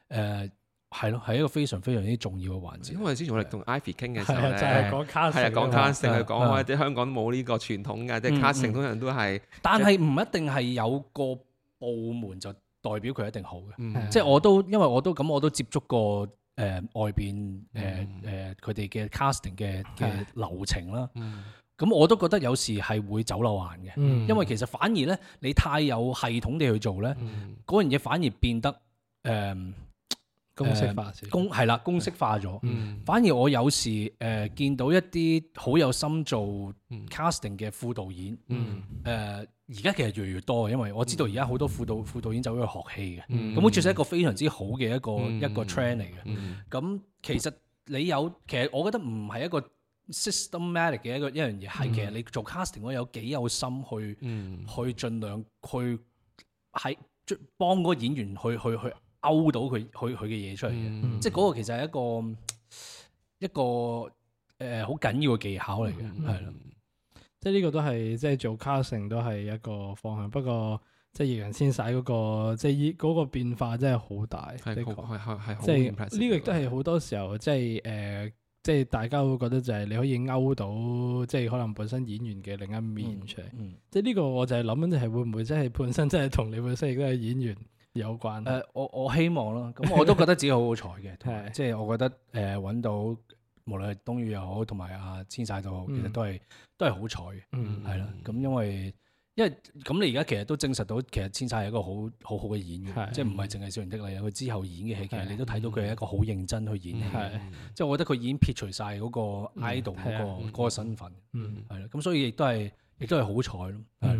誒係咯，係一個非常非常之重要嘅環節。因為之前我哋同 Ivy 傾嘅時候咧，就係講 casting 係啊，講 casting 講話，即係香港冇呢個傳統嘅，即係 casting 通常都係，但係唔一定係有個部門就。代表佢一定好嘅，嗯、即係我都因為我都咁我都接觸過誒、呃、外邊誒誒佢哋嘅 casting 嘅嘅、嗯、流程啦，咁、嗯、我都覺得有時係會走漏眼嘅，嗯、因為其實反而咧你太有系統地去做咧，嗰樣嘢反而變得誒公式化，公係啦，公式化咗。反而我有時誒、呃、見到一啲好有心做 casting 嘅副導演，誒、嗯。嗯嗯嗯而家其實越嚟越多嘅，因為我知道而家好多副導、嗯、副導演走咗去學戲嘅，咁好似係一個非常之好嘅一個、嗯、一個 trend 嚟嘅。咁、嗯、其實你有，其實我覺得唔係一個 systematic 嘅一個一樣嘢，係、嗯、其實你做 casting 我有幾有心去、嗯、去盡量去喺幫嗰個演員去去去勾到佢佢佢嘅嘢出嚟嘅，即係嗰個其實係一個一個誒好緊要嘅技巧嚟嘅，係咯。嗯即係呢個都係，即係做 casting 都係一個方向。不過，即係易烊千璽嗰、那個，即係依嗰個變化真係好大。係係係係，即係是呢個亦都係好多時候，即係誒、呃，即係大家會覺得就係你可以勾到，即係可能本身演員嘅另一面出嚟。嗯嗯、即係呢個我就係諗緊，會會就係會唔會即係本身真係同你本身嗰個演員有關？誒、呃，我我希望咯。咁我都覺得自己， [laughs] 自己好好彩嘅，即係是我覺得誒搵、呃、到。無論冬雨又好，同埋阿千璽都好，其實都係、嗯、都係好彩嘅，係啦、嗯。咁因為因為咁你而家其實都證實到，其實千璽係一個好好好嘅演員，的即係唔係淨係少年的你。佢之後演嘅戲，其實的你都睇到佢係一個好認真去演戲。即係的的我覺得佢已經撇除晒嗰個 idol 嗰個身份。係啦的，咁、嗯、所以亦都係亦都係好彩咯。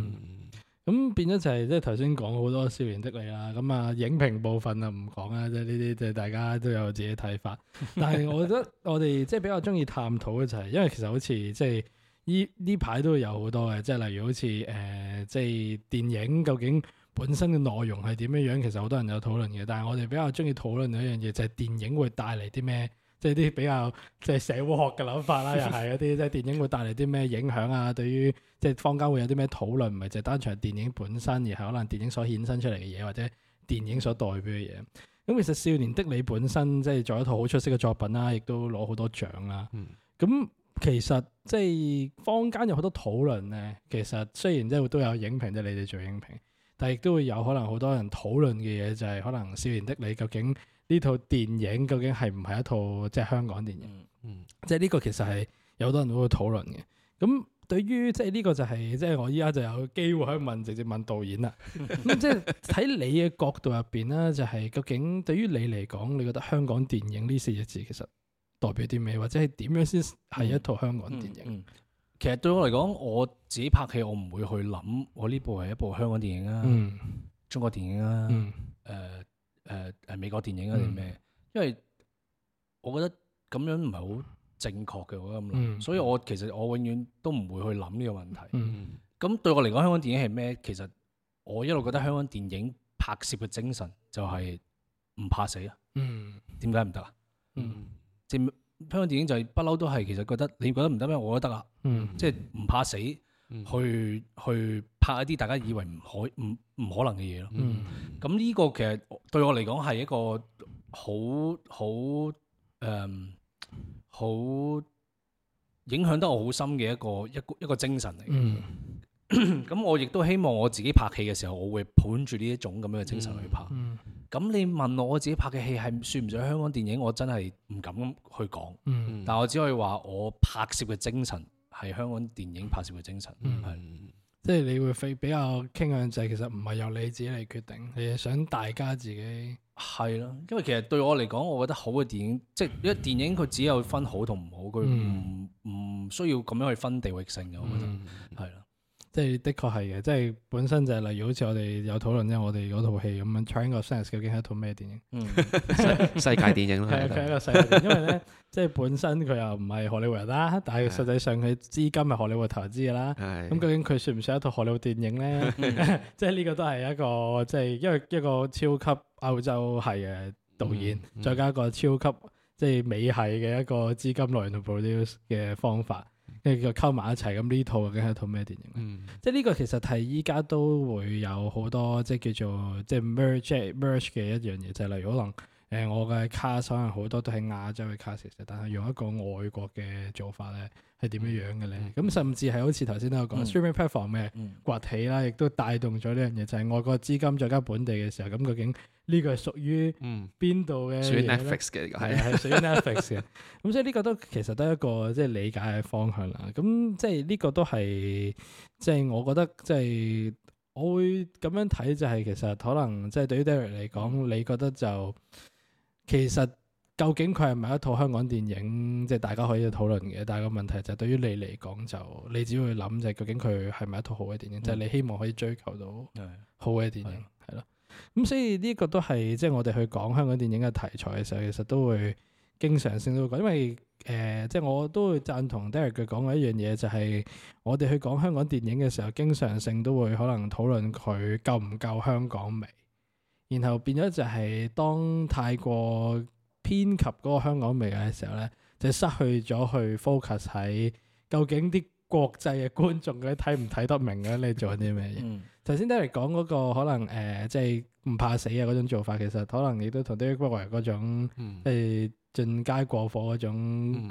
咁變咗就係即係頭先講好多少年的你啦，咁啊影評部分就唔講啦，即係呢啲即係大家都有自己睇法。 [laughs] 但係我覺得我哋即係比較中意探討嘅就係，因為其實好似即係依呢排都會有好多嘅，即係例如好似誒即係電影究竟本身嘅內容係點樣樣，其實好多人有討論嘅。但係我哋比較中意討論一樣嘢，就係電影會帶嚟啲咩？即係啲比較即係社會學嘅諗法啦，又係一啲即係電影會帶嚟啲咩影響啊？ [laughs] 對於即係坊間會有啲咩討論，唔係淨係單純係電影本身，而係可能電影所衍生出嚟嘅嘢，或者電影所代表嘅嘢。咁其實《少年的你》本身即係做一套好出色嘅作品啦，亦都攞好多獎啦。咁、嗯、其實即係坊間有好多討論咧。其實雖然即係都有影評，即係你哋做影評，但係亦都會有可能好多人討論嘅嘢，就係、是、可能《少年的你》究竟。呢套電影究竟係唔係一套即係香港電影？嗯，嗯即係呢個其實係有好多人都會討論嘅。咁對於即係呢個就係、是、即係我依家就有機會去問直接問導演啦。咁、嗯、即係喺 [laughs] 你嘅角度入邊咧，就係、是、究竟對於你嚟講，你覺得香港電影呢四隻字其實代表啲咩？或者係點樣先係一套香港電影？嗯嗯嗯嗯、其實對我嚟講，我自己拍戲我唔會去諗我呢部係一部香港電影啊，嗯、中國電影啊，誒、嗯。嗯嗯嗯呃誒誒、呃呃、美國電影啊定咩？嗯、因為我覺得咁樣唔係好正確嘅，我覺得咁諗，嗯、所以我其實我永遠都唔會去諗呢個問題。咁、嗯、對我嚟講，香港電影係咩？其實我一路覺得香港電影拍攝嘅精神就係唔怕死啊！點解唔得啊？即係、嗯嗯、香港電影就係不嬲都係其實覺得你覺得唔得咩，我都得啦、啊。即係唔怕死。去去拍一啲大家以為唔可唔唔可能嘅嘢咯。咁呢、嗯、個其實對我嚟講係一個好好誒好影響得我好深嘅一個一個一個精神嚟。咁、嗯、 [coughs] 我亦都希望我自己拍戲嘅時候，我會捧住呢一種咁樣嘅精神去拍。咁、嗯嗯、你問我我自己拍嘅戲係算唔算香港電影？我真係唔敢去講。嗯、但我只可以話我拍攝嘅精神。係香港電影拍攝嘅精神，嗯，係即係你會非比較傾向就係其實唔係由你自己嚟決定，你係想大家自己係咯。因為其實對我嚟講，我覺得好嘅電影，嗯、即係因為電影佢只有分好同唔好，佢唔唔需要咁樣去分地域性嘅，我覺得係啦。嗯即係的確係嘅，即係本身就係例如好似我哋有討論啫，我哋嗰套戲咁樣《Triangle of Sadness》，究竟係一套咩電影？嗯、世界電影啦，係 [laughs] 一個世界電影，界 [laughs] 因為咧，即係本身佢又唔係荷里活啦，但係實際上佢資金係荷里活投資嘅啦。係的，咁、嗯、究竟佢算唔算一套荷里活電影咧？ [laughs] [laughs] 即係呢個都係一個即係因為一個超級歐洲系嘅導演，嗯嗯、再加一個超級即係美系嘅一個資金來源同 produce 嘅方法。即係叫溝埋一齊，咁呢套究竟係套咩電影咧？嗯、即係呢個其實係依家都會有好多即係叫做即係 merge merge 嘅一樣嘢，就係例如可能。誒、呃，我嘅卡可能好多都係亞洲嘅卡司，但係用一個外國嘅做法咧，係點樣樣嘅咧？咁、嗯、甚至係好似頭先都有講 streaming platform 咩崛起啦，亦都帶動咗呢樣嘢，嗯、就係外國資金再加本地嘅時候，咁究竟呢個係屬於邊度嘅？Netflix 嘅、嗯，係啊，係屬於 Netflix 嘅。咁 [laughs] 所以呢個都其實都一個即係理解嘅方向啦。咁即係呢個都係即係我覺得即係我會咁樣睇，就係其實可能即係對於 Derek 嚟講，你覺得就。其實究竟佢係咪一套香港電影，即、就、係、是、大家可以討論嘅。但係個問題就係對於你嚟講，就你只要去諗就係究竟佢係咪一套好嘅電影，嗯、就係你希望可以追求到好嘅電影，係咯、嗯。咁的所以呢個都係即係我哋去講香港電影嘅題材嘅時候，其實都會經常性都會講，因為誒即係我都會贊同 Derek 講嘅一樣嘢，就係、是、我哋去講香港電影嘅時候，經常性都會可能討論佢夠唔夠香港味。然後變咗就係當太過偏及嗰個香港味嘅時候咧，就失去咗去 focus 喺究竟啲國際嘅觀眾佢睇唔睇得明咧？你做緊啲咩嘢？頭先都係講嗰個可能誒，即係唔怕死啊嗰種做法，其實可能亦都同啲不為嗰種誒進階過火嗰種嗰、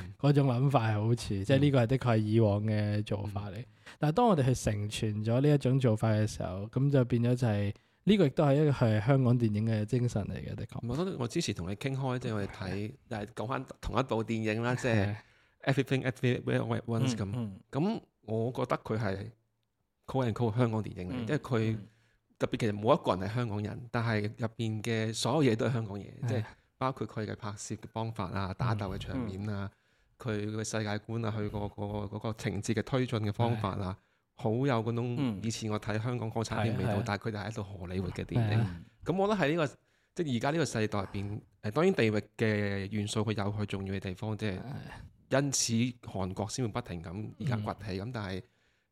嗯嗯、種諗法係好似，即係呢個係的確係以往嘅做法嚟。嗯嗯、但係當我哋去成全咗呢一種做法嘅時候，咁就變咗就係、是。呢個亦都係一個係香港電影嘅精神嚟嘅，的確。我覺得我之前同你傾開，即係我哋睇，但係講翻同一部電影啦，即、就、係、是《Everything Everywhere All At Once》咁。咁、 [noise] 嗯嗯、我覺得佢係 call and call 香港電影嚟，因為佢特別其實冇一個人係香港人，但係入邊嘅所有嘢都係香港嘢，即係、嗯、包括佢嘅拍攝嘅方法啊、打鬥嘅場面啊、佢嘅、嗯嗯、世界觀啊、佢、嗯嗰個嗰、嗰個個情節嘅推進嘅方法啊。 [noise] 好有嗰種、嗯、以前我睇香港港產片嘅味道，是是但係佢哋係一套荷里活嘅電影。咁的我覺得喺呢、這個即係而家呢個世代入邊，誒當然地域嘅元素佢有佢重要嘅地方，即、就、係、是、因此韓國先會不停咁而家崛起。咁、嗯、但係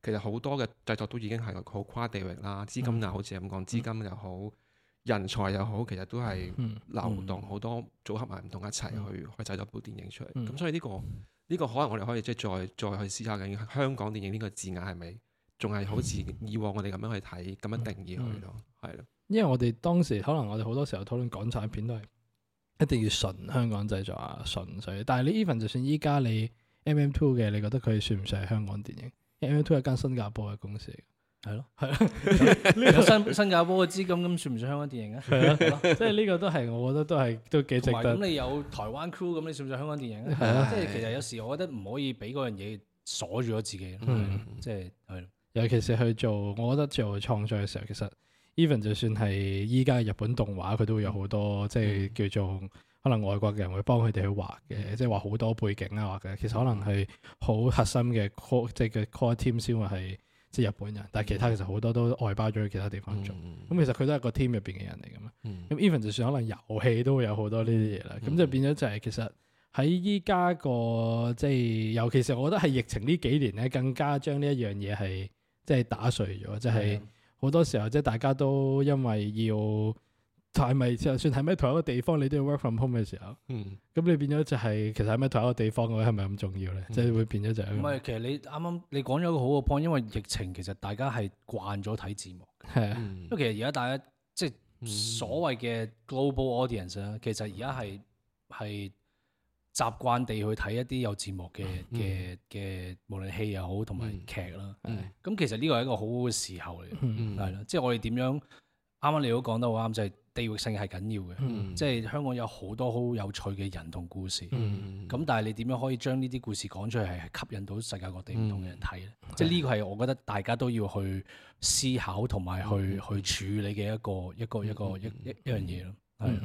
其實好多嘅製作都已經係好跨地域啦，資金又好似咁講，資金又好人才又好，其實都係流動好、嗯嗯、多組合埋唔同一齊去、嗯、去開製作部電影出嚟。咁、嗯嗯、所以呢、這個呢、這個可能我哋可以即係再再去思考緊香港電影呢個字眼係咪，仲係好似以往我哋咁樣去睇，咁樣定義去咯，係咯、嗯。嗯、的因為我哋當時可能我哋好多時候討論港產片都係一定要純香港製作啊，純粹。但係你 even 就算依家你 M M Two 嘅，你覺得佢算唔算係香港電影？M M Two 係間新加坡嘅公司，係咯，係 [laughs] 有新新加坡嘅資金，咁算唔算香港電影啊？即係呢個都係，我覺得都係都幾值得。咁你有台灣 crew，咁你算唔算香港電影啊？即係其實有時我覺得唔可以俾嗰樣嘢鎖住咗自己，即係係。尤其是去做，我覺得做創作嘅時候，其實 even 就算係依家日本動畫，佢都會有好多即係叫做可能外國嘅人會幫佢哋去畫嘅，嗯、即係畫好多背景啊畫嘅。其實可能係好核心嘅 co 即係嘅 core team 先會係即係日本人，但係其他其實好多都外包咗去其他地方做。咁、嗯、其實佢都係個 team 入邊嘅人嚟㗎嘛。咁 even 就算可能遊戲都會有好多呢啲嘢啦。咁、嗯、就變咗就係、是、其實喺依家個即係，尤其是我覺得係疫情呢幾年咧，更加將呢一樣嘢係。即係打碎咗，即係好多時候，即係大家都因為要，係咪就算喺咩同一個地方，你都要 work from home 嘅時候，咁、嗯、你變咗就係、係、其實喺咩同一個地方嘅話，係咪咁重要咧？即係、嗯、會變咗就唔係。其實你啱啱你講咗一個好嘅 point，因為疫情其實大家係慣咗睇字幕，因為係、啊嗯、其實而家大家即係所謂嘅 global audience 咧，其實而家係係。習慣地去睇一啲有字幕嘅嘅嘅，無論戲又好同埋劇啦。咁其實呢個係一個好好嘅時候嚟嘅，係咯。即係我哋點樣？啱啱你都講得好啱，就係地域性係緊要嘅。即係香港有好多好有趣嘅人同故事。咁但係你點樣可以將呢啲故事講出嚟，係吸引到世界各地唔同嘅人睇咧？即係呢個係我覺得大家都要去思考同埋去去處理嘅一個一個一個一一樣嘢咯，係。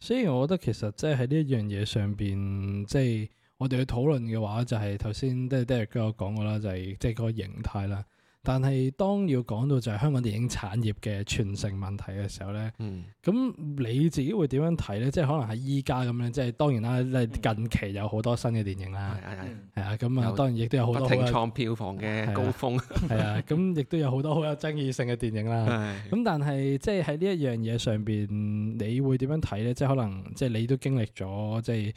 所以，我覺得其實即係喺呢一樣嘢上邊，即係我哋去討論嘅話，就係頭先都係都係跟我講過啦，就係即係嗰個形態啦。但係，當要講到就係香港電影產業嘅傳承問題嘅時候咧，咁、嗯、你自己會點樣睇咧？即係可能係依家咁樣，即係當然啦，即係近期有好多新嘅電影啦，係、嗯、啊，係啊，咁啊，當然亦都有好多，好多，好多不停創票房嘅高峰，係啊，咁亦都有好多好有爭議性嘅電影啦。咁是但係，即係喺呢一樣嘢上邊，你會點樣睇咧？即係可能，即係你都經歷咗，即係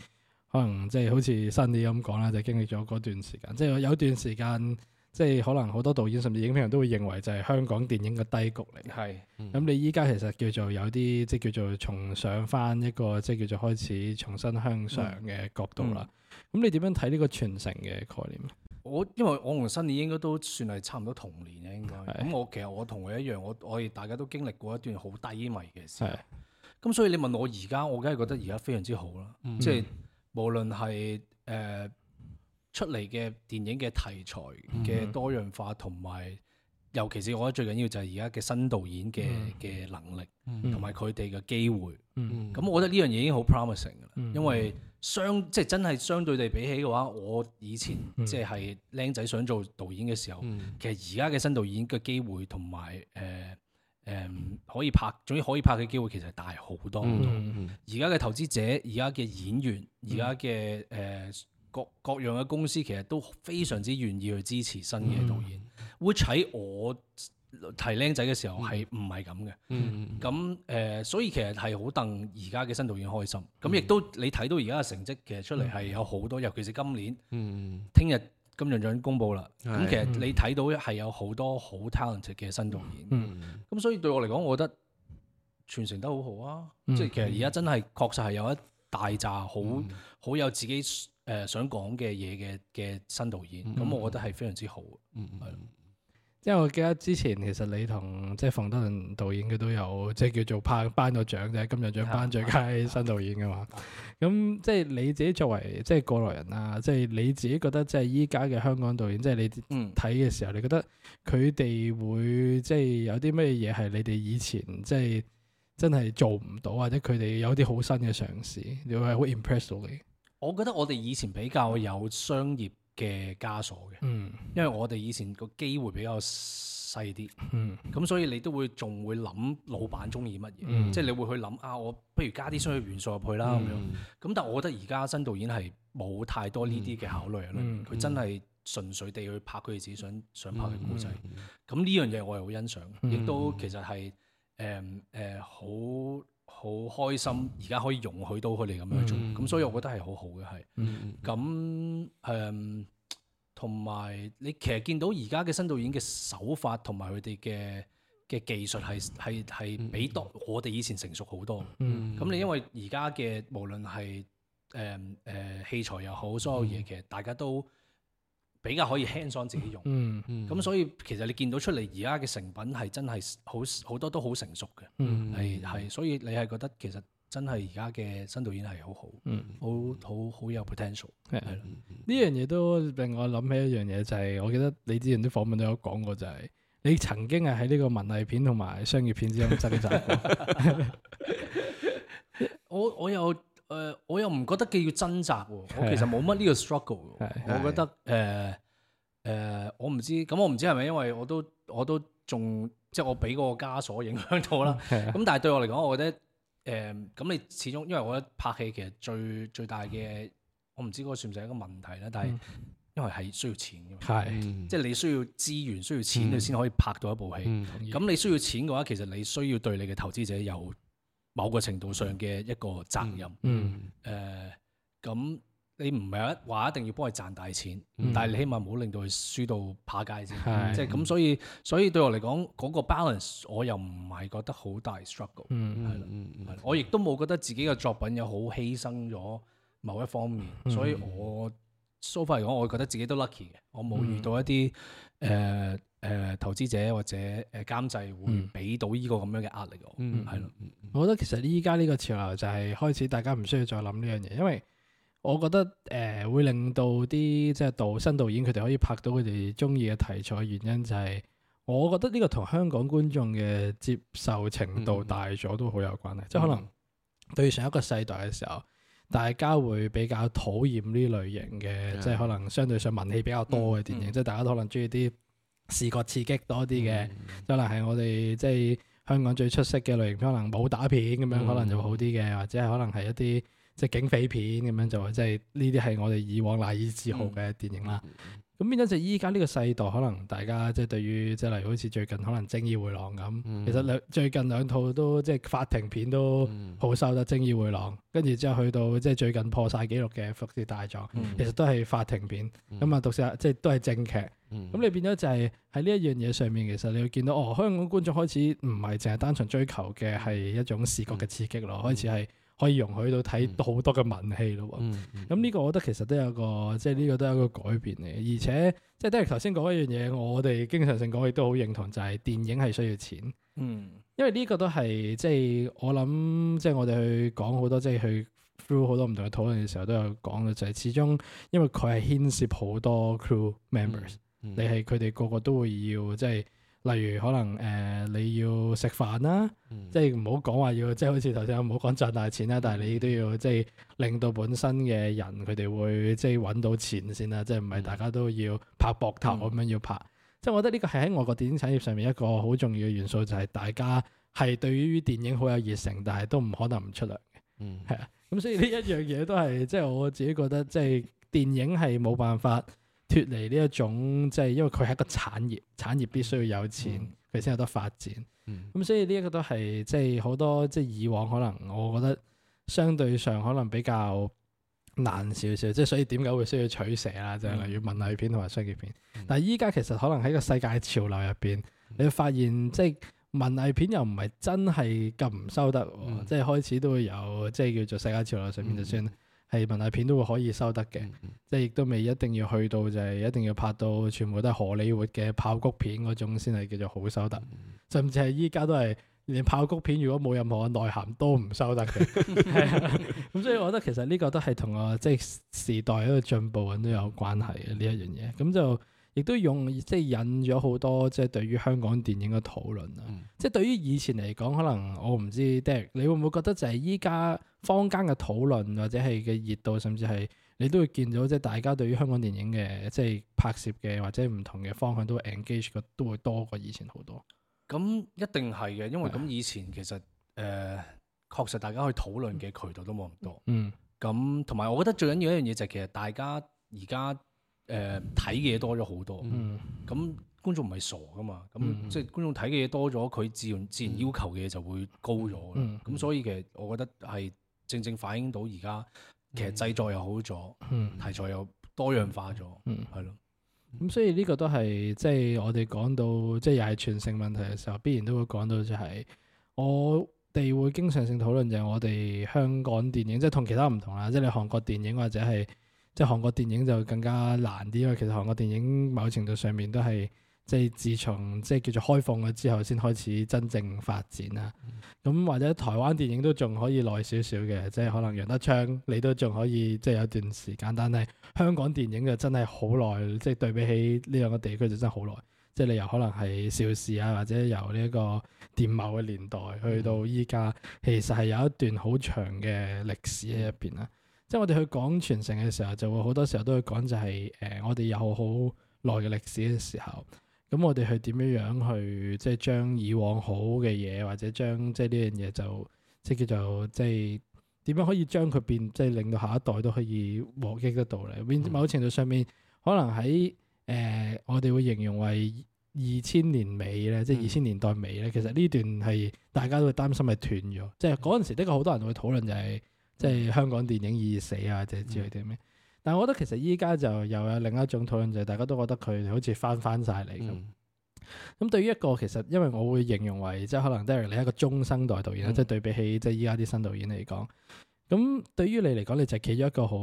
可能，即係好似新啲咁講啦，就經歷咗嗰段時間，即係有段時間。即係可能好多導演甚至影評人都會認為就係香港電影嘅低谷嚟。係。咁、嗯、你依家其實叫做有啲即係叫做重上返一個即係叫做開始重新向上嘅角度啦。咁、嗯嗯、你點樣睇呢個傳承嘅概念？我因為我同新年應該都算係差唔多同年嘅，應該。咁是我其實我同佢一樣，我我哋大家都經歷過一段好低迷嘅時候。咁是所以你問我而家，我梗係覺得而家非常之好啦。即係、嗯、無論係誒。呃出嚟嘅電影嘅題材嘅多樣化，同埋尤其是我覺得最緊要就係而家嘅新導演嘅嘅能力，同埋佢哋嘅機會。咁我覺得呢樣嘢已經好 promising 㗎啦。因為相即係真係相對地比起嘅話，我以前即係靚仔想做導演嘅時候，其實而家嘅新導演嘅機會同埋誒誒可以拍總之可以拍嘅機會其實大好多。而家嘅投資者，而家嘅演員，而家嘅誒。各各樣嘅公司其實都非常之願意去支持新嘅導演，會喺我提僆仔嘅時候係唔係咁嘅？嗯，咁誒，所以其實係好戥而家嘅新導演開心。咁亦都你睇到而家嘅成績，其實出嚟係有好多，尤其是今年。嗯，聽日金像獎公佈啦。咁其實你睇到係有好多好 talented 嘅新導演。嗯，咁所以對我嚟講，我覺得傳承得好好啊。即係其實而家真係確實係有一大紮好好有自己。誒、呃、想講嘅嘢嘅嘅新導演，咁、嗯嗯、我覺得係非常之好。嗯，嗯，的因為我記得之前其實你同即係馮德倫導演佢都有即係、就是、叫做拍頒咗獎啫，金像獎頒獎最佳新導演嘅嘛。咁、嗯嗯、即係你自己作為即係過來人啊，即係你自己覺得即係依家嘅香港導演，即係你睇嘅時候，你覺得佢哋會即係有啲咩嘢係你哋以前即係真係做唔到，或者佢哋有啲好新嘅嘗試，會係好 impress 到你。我覺得我哋以前比較有商業嘅枷鎖嘅，嗯、因為我哋以前個機會比較細啲，咁、嗯、所以你都會仲會諗老闆中意乜嘢，即係、嗯、你會去諗啊，我不如加啲商業元素入去啦咁樣。咁、嗯、但係我覺得而家新導演係冇太多呢啲嘅考慮啦，佢、嗯嗯、真係純粹地去拍佢哋自己想想拍嘅故仔。咁呢、嗯、樣嘢我係好欣賞，亦、嗯嗯、都其實係誒誒好。嗯嗯嗯嗯嗯嗯嗯好開心，而家可以容許到佢哋咁樣做，咁、嗯、所以我覺得係好好嘅，係。咁誒、嗯，同埋、嗯、你其實見到而家嘅新導演嘅手法同埋佢哋嘅嘅技術係係係比多我哋以前成熟好多。咁、嗯、你因為而家嘅無論係誒誒器材又好，所有嘢其實大家都，比較可以輕鬆自己用，咁、嗯嗯嗯、所以其實你見到出嚟而家嘅成品係真係好好多都好成熟嘅，係係、嗯，所以你係覺得其實真係而家嘅新導演係好好，好好好有 potential 係係，呢樣嘢都令我諗起一樣嘢就係、是，我記得你之前啲訪問都有講過，就係你曾經係喺呢個文藝片同埋商業片之間掙扎過。我我有。誒，我又唔覺得佢要掙扎喎，我其實冇乜呢個 struggle 嘅。我覺得誒誒，我唔知，咁我唔知係咪因為我都我都仲即係我俾嗰個枷鎖影響到啦，咁但係對我嚟講，我覺得誒，咁你始終因為我覺得拍戲其實最最大嘅，我唔知嗰個算唔算係一個問題咧，但係因為係需要錢嘅，係即係你需要資源、需要錢你先可以拍到一部戲，咁你需要錢嘅話，其實你需要對你嘅投資者有。某個程度上嘅一個責任，誒咁、嗯呃、你唔係話一定要幫佢賺大錢，嗯、但係你起碼唔好令到佢輸到趴街先，即係咁，就是、所以所以對我嚟講嗰個 balance 我又唔係覺得好大 struggle，係啦，我亦都冇覺得自己嘅作品有好犧牲咗某一方面，嗯、所以我、嗯、so far 嚟講，我覺得自己都 lucky 嘅，我冇遇到一啲誒。呃誒投資者或者誒監製會俾到呢個咁樣嘅壓力，係咯？我覺得其實依家呢個潮流就係開始，大家唔需要再諗呢樣嘢，因為我覺得誒會令到啲即係導新導演佢哋可以拍到佢哋中意嘅題材，原因就係我覺得呢個同香港觀眾嘅接受程度大咗都好有關嘅，即係可能對上一個世代嘅時候，大家會比較討厭呢類型嘅，即係可能相對上文戲比較多嘅電影，即係大家可能中意啲。視覺刺激多啲嘅，嗯、可能係我哋即係香港最出色嘅類型，可能武打片咁樣，可能就會好啲嘅，嗯、或者係可能係一啲即係警匪片咁樣做，就即係呢啲係我哋以往賴以自豪嘅電影啦。嗯咁變咗就依家呢個世代，可能大家即係對於即係例如好似最近可能《正義回廊》咁，嗯，其實兩最近兩套都即係法庭片都好收得《正義回廊》，跟住之後去到即係最近破晒紀錄嘅《復士大狀》，其實都係法庭片，咁啊讀寫即係都係正劇。咁、嗯、你變咗就係喺呢一樣嘢上面，其實你會見到哦，香港觀眾開始唔係淨係單純追求嘅係一種視覺嘅刺激咯，開始係。嗯嗯可以容許到睇好多嘅文戲咯，咁呢、嗯嗯、個我覺得其實都有一個，即係呢個都有一個改變嘅。而且即係都係頭先講一樣嘢，我哋經常性講亦都好認同，就係、是、電影係需要錢，嗯、因為呢個都係即係我諗，即、就、係、是、我哋去講好多即係、就是、去 through 好多唔同嘅討論嘅時候都有講嘅，就係、是、始終因為佢係牽涉好多 crew members，、嗯嗯、你係佢哋個個都會要即係。就是例如可能誒、呃、你要食飯啦，嗯、即係唔好講話要即係好似頭先我唔好講賺大錢啦，嗯、但係你都要即係令到本身嘅人佢哋會即係揾到錢先啦，即係唔係大家都要拍膊頭咁樣要拍？嗯、即係我覺得呢個係喺外國電影產業上面一個好重要嘅元素，就係大家係對於電影好有熱誠，但係都唔可能唔出糧嘅，係、嗯、啊。咁所以呢一樣嘢都係 [laughs] 即係我自己覺得，即係電影係冇辦法。脫離呢一種即係因為佢係一個產業，產業必須要有錢，佢先有得發展。咁、嗯嗯、所以呢一個都係即係好多即係以往可能我覺得相對上可能比較難少少，即係所以點解會需要取捨啦，就係例如文藝片同埋商業片。嗯、但係依家其實可能喺個世界潮流入邊，嗯、你會發現即係文藝片又唔係真係咁唔收得、哦，嗯、即係開始都會有即係叫做世界潮流上面就算。嗯嗯係文藝片都會可以收得嘅，即係亦都未一定要去到就係、是、一定要拍到全部都係荷里活嘅爆谷片嗰種先係叫做好收得，嗯、甚至係依家都係連爆谷片如果冇任何嘅內涵都唔收得嘅。係啊，咁所以我覺得其實呢個都係同啊即係時代一個進步緊都有關係嘅呢一樣嘢，咁就。亦都用即係引咗好多即係對於香港電影嘅討論啊。嗯、即係對於以前嚟講，可能我唔知，Derek 你會唔會覺得就係依家坊間嘅討論或者係嘅熱度，甚至係你都會見到即係大家對於香港電影嘅即係拍攝嘅或者唔同嘅方向都會 engage 嘅都會多過以前好多。咁、嗯、一定係嘅，因為咁以前其實誒是、呃、確實大家去討論嘅渠道都冇咁多。嗯，咁同埋我覺得最緊要一樣嘢就係其實大家而家。誒睇嘅嘢多咗好多，咁、嗯、觀眾唔係傻㗎嘛，咁、嗯、即係觀眾睇嘅嘢多咗，佢自然、嗯、自然要求嘅嘢就會高咗，咁、嗯嗯、所以其實我覺得係正正反映到而家其實製作又好咗，嗯、題材又多樣化咗，係咯、嗯，咁了、嗯、所以呢個都係即係我哋講到即係、就是、又係傳承問題嘅時候，必然都會講到就係我哋會經常性討論就係我哋香港電影，即係同其他唔同啦，即、就、係、是、你韓國電影或者係。即係韓國電影就更加難啲，因為其實韓國電影某程度上面都係即係自從即係叫做開放咗之後，先開始真正發展啊，咁、嗯、或者台灣電影都仲可以耐少少嘅，即係可能楊德昌你都仲可以即係有一段時間。但係香港電影就真係好耐，即係對比起呢兩個地區就真係好耐。即係你又可能係邵氏啊，或者由呢一個電懋嘅年代去到依家，嗯、其實係有一段好長嘅歷史喺入邊啦。即係我哋去講傳承嘅時候，就會好多時候都會講、就是，就係誒，我哋有好耐嘅歷史嘅時候，咁我哋去點樣樣去即係將以往好嘅嘢，或者將即係呢樣嘢就即係叫做即係點樣可以將佢變，即係令到下一代都可以獲益得到呢。嗯、某程度上面可能喺誒、呃，我哋會形容為二千年尾咧，即係二千年代尾咧。其實呢段係大家都會擔心係斷咗，即係嗰陣時，的確好多人會討論就係、是。即係香港電影已死啊，或者之類啲咩？嗯、但係我覺得其實依家就又有另一種討論，就係、是、大家都覺得佢好似翻翻晒嚟咁。咁、嗯、對於一個其實，因為我會形容為即係可能即 Derek 你係一個中生代導演啦，嗯、即係對比起即係依家啲新導演嚟講。咁、嗯、對於你嚟講，你就企咗一個好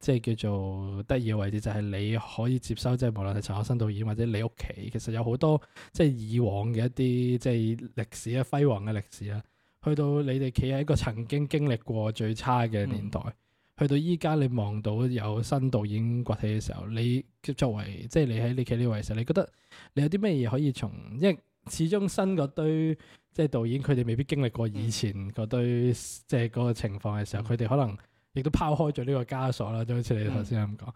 即係叫做得意嘅位置，就係、是、你可以接收即係無論係陳可辛導演或者你屋企，其實有好多即係以往嘅一啲即係歷史啊輝煌嘅歷史啦。去到你哋企喺一個曾經經歷過最差嘅年代，去、嗯、到依家你望到有新導演崛起嘅時候，你作為即係、就是、你喺你企呢位時候，你覺得你有啲咩嘢可以從？因為始終新嗰堆即係、就是、導演，佢哋未必經歷過以前嗰堆、嗯、即係嗰個情況嘅時候，佢哋可能亦都拋開咗呢個枷鎖啦，就好似你頭先咁講。嗯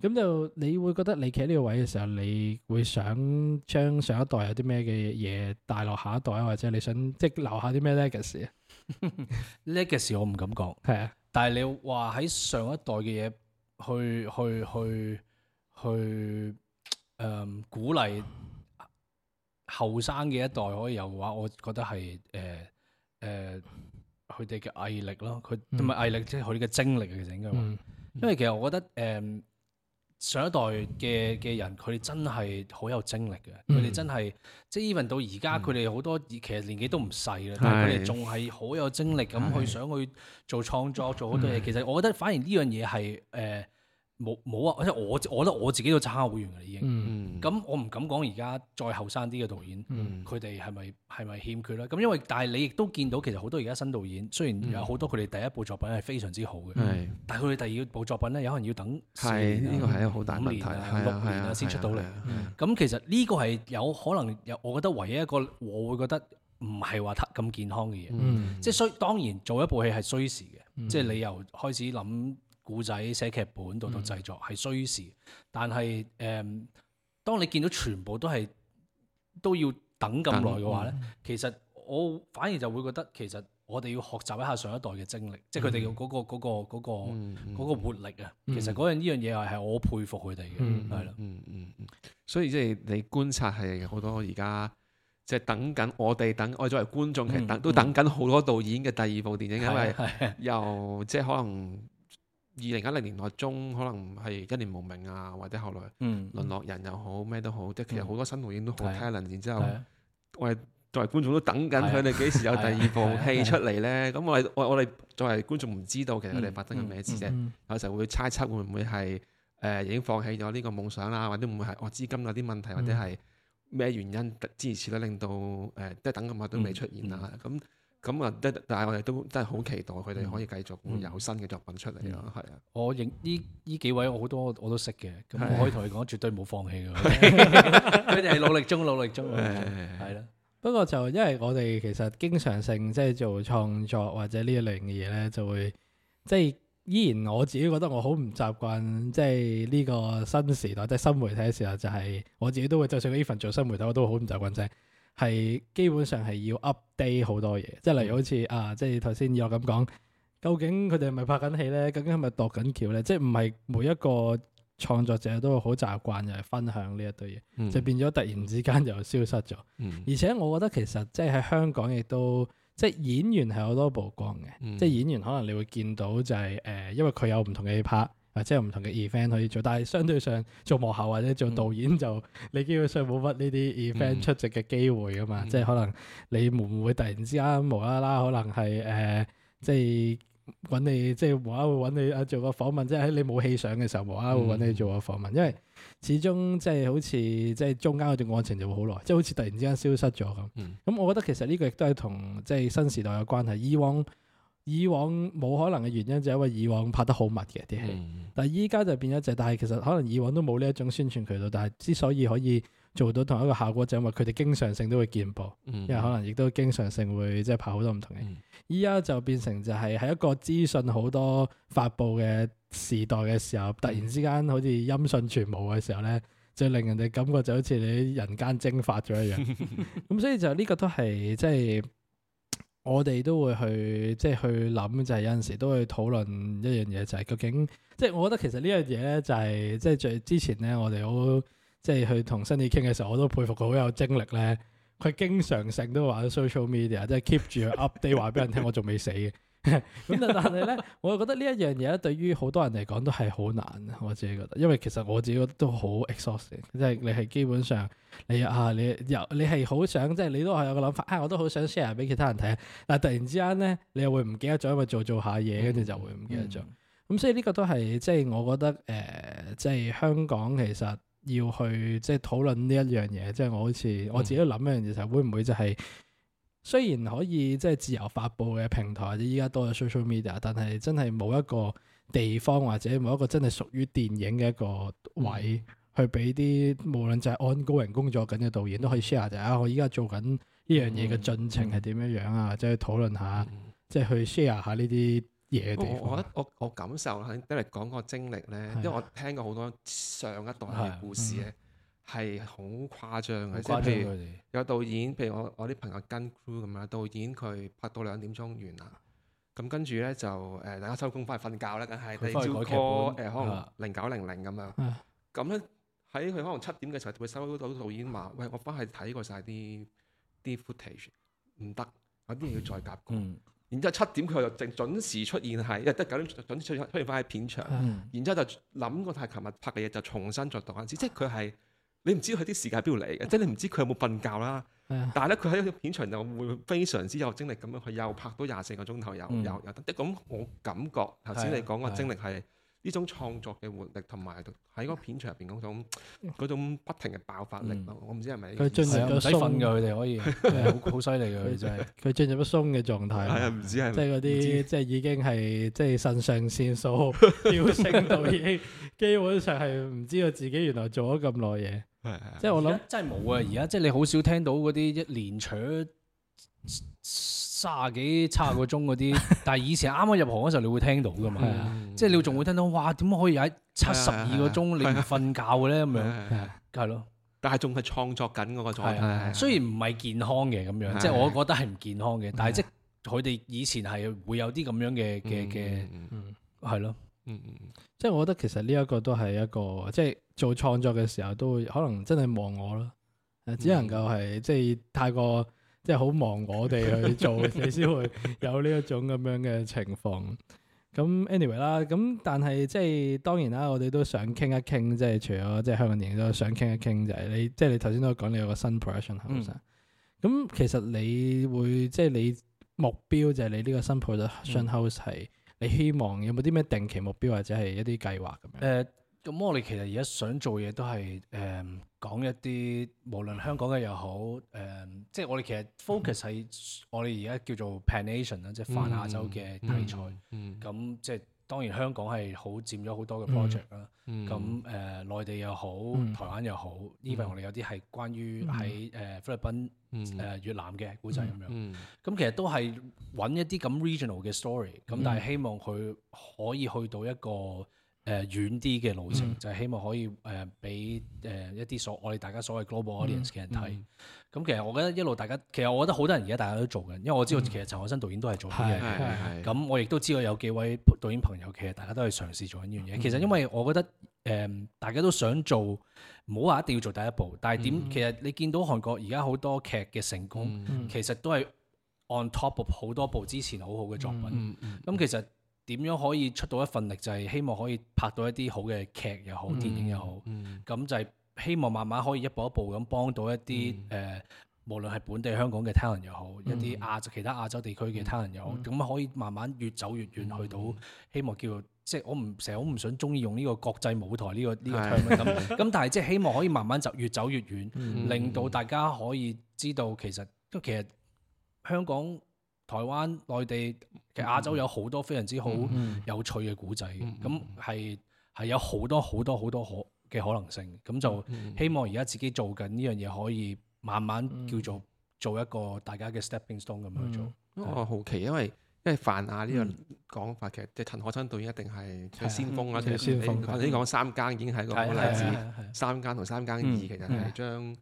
咁就你會覺得你企喺呢個位嘅時候，你會想將上一代有啲咩嘅嘢帶落下一代啊，或者你想即係留下啲咩 legacy？legacy 我唔敢講，係啊。但係你話喺上一代嘅嘢去去去去誒、呃、鼓勵後生嘅一代可以有嘅話，我覺得係誒誒佢哋嘅毅力咯，佢唔係毅力，即係佢哋嘅精力其實應該話，嗯、因為其實我覺得誒。呃上一代嘅嘅人，佢哋真係好有精力嘅，佢哋、嗯、真係即係 even 到而家，佢哋好多其實年紀都唔細啦，嗯、但係佢哋仲係好有精力咁去、嗯、想去做創作，嗯、做好多嘢。其實我覺得反而呢樣嘢係誒。呃冇冇啊！即係我，我覺得我自己都差好遠㗎已經。咁、嗯、我唔敢講而家再後生啲嘅導演，佢哋係咪係咪欠缺咧？咁因為但係你亦都見到，其實好多而家新導演，雖然有好多佢哋第一部作品係非常之好嘅，嗯、但係佢哋第二部作品咧，有可能要等呢四年、五年、六年先出到嚟。咁其實呢個係有可能，又我覺得唯一一個我會覺得唔係話咁健康嘅嘢。即係雖當然做一部戲係需時嘅，嗯、即係你又開始諗。古仔寫劇本到到製作係需時，但係誒、嗯，當你見到全部都係都要等咁耐嘅話咧，嗯、其實我反而就會覺得其實我哋要學習一下上一代嘅精力，嗯、即係佢哋嘅嗰個嗰個活力啊！嗯、其實嗰呢樣嘢係係我佩服佢哋嘅，係啦、嗯。的嗯嗯嗯，所以即係你觀察係好多而家即係等緊我哋等我作為觀眾其實等都等緊好多導演嘅第二部電影，因為又即係可能。二零一零年代中，可能係一念無明啊，或者後來淪落人又好，咩都好，即係其實好多新導演都好睇一輪，的然之後我哋的作為觀眾都等緊佢哋幾時有第二部戲出嚟咧。咁我我我哋作為觀眾唔知道其實佢哋發生緊咩事啫，有時候會猜測會唔會係誒、呃、已經放棄咗呢個夢想啦，或者會唔會係我資金有啲問題，或者係咩原因支持咧令到誒即係等咁耐都未出現啦。咁的。嗯嗯咁啊，但係我哋都真係好期待佢哋可以繼續有新嘅作品出嚟咯，係啊、嗯！的我認呢呢幾位我好多我都識嘅，咁的我可以同你講，絕對冇放棄嘅，佢哋係努力中，努力中，係咯的。的不過就因為我哋其實經常性即係做創作或者呢一類型嘅嘢咧，就會即係依然我自己覺得我好唔習慣，即係呢個新時代，即係新媒體嘅時候，就係、是、我自己都會就算呢份做新媒體，我都好唔習慣啫。係基本上係要 update 好多嘢，即係例如好似、嗯、啊，即係頭先你話咁講，究竟佢哋係咪拍緊戲呢？究竟係咪度緊橋呢？即係唔係每一個創作者都會好習慣就係分享呢一堆嘢，嗯、就變咗突然之間就消失咗。嗯、而且我覺得其實即係喺香港亦都，即係演員係好多曝光嘅，嗯、即係演員可能你會見到就係、是、誒、呃，因為佢有唔同嘅拍。啊，即係唔同嘅 event 可以做，但係相對上做幕後或者做導演就，嗯、你基本上冇乜呢啲 event 出席嘅機會㗎嘛，即係、嗯、可能你會唔會突然之間無啦啦可能係誒，即係揾你即係無啦會揾你啊做個訪問，即係喺你冇戲上嘅時候無啦會揾你做個訪問，就是訪問嗯、因為始終即係好似即係中間嗰段愛情就會、就是、好耐，即係好似突然之間消失咗咁。咁、嗯嗯、我覺得其實呢個亦都係同即係新時代有關係，以往。以往冇可能嘅原因就係因為以往拍得好密嘅啲戲，但係依家就變咗就，但係其實可能以往都冇呢一種宣傳渠道，但係之所以可以做到同一個效果就係因為佢哋經常性都會見報，因為可能亦都經常性會即係拍好多唔同嘅嘢。依家、嗯、就變成就係喺一個資訊好多發布嘅時代嘅時候，突然之間好似音訊全無嘅時候咧，就令人哋感覺就好似你人間蒸發咗一樣。咁、 [laughs] 嗯、所以就呢個都係即係。我哋都會去即係去諗，就係、是、有陣時都會討論一樣嘢，就係、是、究竟即係我覺得其實呢樣嘢咧，就係即係最之前咧，我哋好即係去同新宇傾嘅時候，我都佩服佢好有精力咧。佢經常性都話 social media，即係 keep 住 update 話俾人聽我，我仲未死嘅。咁 [laughs] 但係咧， [laughs] 我又覺得呢一樣嘢咧，對於好多人嚟講都係好難。我自己覺得，因為其實我自己覺得都好 exhausting 即係你係基本上你啊，你由、啊、你係好想，即、就、係、是、你都係有個諗法啊、哎，我都好想 share 俾其他人睇。但係突然之間咧，你又會唔記得咗，因為做做下嘢，跟住、嗯、就會唔記得咗。咁、嗯、所以呢個都係即係我覺得誒，即、呃、係、就是、香港其實要去即係、就是、討論呢一樣嘢。即、就、係、是、我好似我自己諗一樣嘢就係會唔會就係、是。雖然可以即係自由發布嘅平台，或者依家多咗 social media，但係真係冇一個地方或者冇一個真係屬於電影嘅一個位，嗯、去俾啲無論就係安高人工作緊嘅導演都可以 share 就係啊！我依家做緊呢樣嘢嘅進程係點樣樣啊？即係、嗯、討論下，即係、嗯、去 share 下呢啲嘢嘅地方我。我覺得我我感受喺一嚟講個經歷咧，的因為我聽過好多上一代嘅故事咧。的的係好誇張嘅，即譬如有導演，譬如我我啲朋友跟 crew 咁樣，導演佢拍到兩點鐘完啦，咁跟住咧就誒大家收工翻去瞓覺啦，梗係第二朝 call 誒可能零九零零咁啊，咁咧喺佢可能七點嘅時候會收到導演話：，嗯、喂，我翻去睇過晒啲啲 footage，唔得，有啲嘢要再夾。嗯。然之後七點佢又正準時出現係，因得九點準時出現準時出現翻去片場，嗯、然之後就諗個係琴日拍嘅嘢就重新再導一次，即係佢係。你唔知佢啲時間邊度嚟嘅，即係你唔知佢有冇瞓覺啦。但係咧，佢喺片場就會非常之有精力咁樣去又拍到廿四個鐘頭又又又得。咁我感覺頭先你講個精力係呢種創作嘅活力，同埋喺嗰片場入邊嗰種嗰種不停嘅爆發力咯。我唔知係咪佢進入咗松，佢哋可以好犀利嘅，佢真係佢進入咗松嘅狀態。係啊，唔知係即係嗰啲即係已經係即係腎上腺素，飆升到已經基本上係唔知道自己原來做咗咁耐嘢。即係我諗真係冇啊！而家即係你好少聽到嗰啲一連除三十幾、七十個鐘嗰啲，但係以前啱啱入行嗰時候，你會聽到噶嘛？即係你仲會聽到哇？點解可以喺七十二個鐘你唔瞓覺嘅咧？咁樣係咯，但係仲係創作緊嗰個狀態。雖然唔係健康嘅咁樣，即係我覺得係唔健康嘅。但係即係佢哋以前係會有啲咁樣嘅嘅嘅，係咯，即係我覺得其實呢一個都係一個即係。做創作嘅時候都會可能真係忘我咯，嗯、只能夠係即係太過即係好忙我哋去做，你先 [laughs] 會有呢一種咁樣嘅情況。咁 anyway 啦，咁但係即係當然啦，我哋都想傾一傾，即係除咗即係香港電影都想傾一傾就係你，即係你頭先都講你有個新 production house、嗯。咁其實你會即係你目標就係你呢個新 production house 係、嗯、你希望有冇啲咩定期目標或者係一啲計劃咁樣？誒、呃。咁我哋其實而家想做嘢都係誒講一啲無論香港嘅又好，誒、um, 即係我哋其實 focus 係我哋而家叫做 Pan Asian 啦、嗯，即係泛亞洲嘅題材。咁、嗯嗯、即係當然香港係好佔咗好多嘅 project 啦。咁誒內地又好，台灣又好，even 我哋有啲係關於喺誒菲律賓、誒、嗯呃啊、越南嘅古仔咁樣。咁其實都係揾一啲咁 regional 嘅 story。咁但係希望佢可以去到一個，誒、uh, 遠啲嘅路程，就係、嗯、希望可以誒俾誒一啲所我哋大家所謂 global audience 嘅、嗯、人睇。咁、嗯、其實我覺得一路大家，其實我覺得好多人而家大家都做緊，因為我知道其實陳可辛導演都係做嘅。咁、嗯嗯嗯、我亦都知道有幾位導演朋友其實大家都係嘗試做緊呢樣嘢。嗯、其實因為我覺得誒、呃、大家都想做，唔好話一定要做第一部。但係點？嗯、其實你見到韓國而家好多劇嘅成功，嗯、其實都係 on top of 好多部之前好好嘅作品。咁其實。點樣可以出到一份力，就係希望可以拍到一啲好嘅劇又好，電影又好，咁就係希望慢慢可以一步一步咁幫到一啲誒，無論係本地香港嘅 talent 又好，一啲亞洲其他亞洲地區嘅 talent 又好，咁可以慢慢越走越遠，去到希望叫，即係我唔成日好唔想中意用呢個國際舞台呢個呢個 term 咁，咁但係即係希望可以慢慢就越走越遠，令到大家可以知道其實因其實香港。台灣、內地其實亞洲有好多非常之好有趣嘅古仔嘅，咁係係有好多好多好多可嘅可能性。咁就希望而家自己做緊呢樣嘢，可以慢慢叫做做一個大家嘅 stepping stone 咁樣做。我好奇，因為因為泛亞呢個講法，其實即係陳可辛導演一定係嘅先鋒啦。先鋒，我哋講三更已經係一個好例子，三更同三更二其實係將誒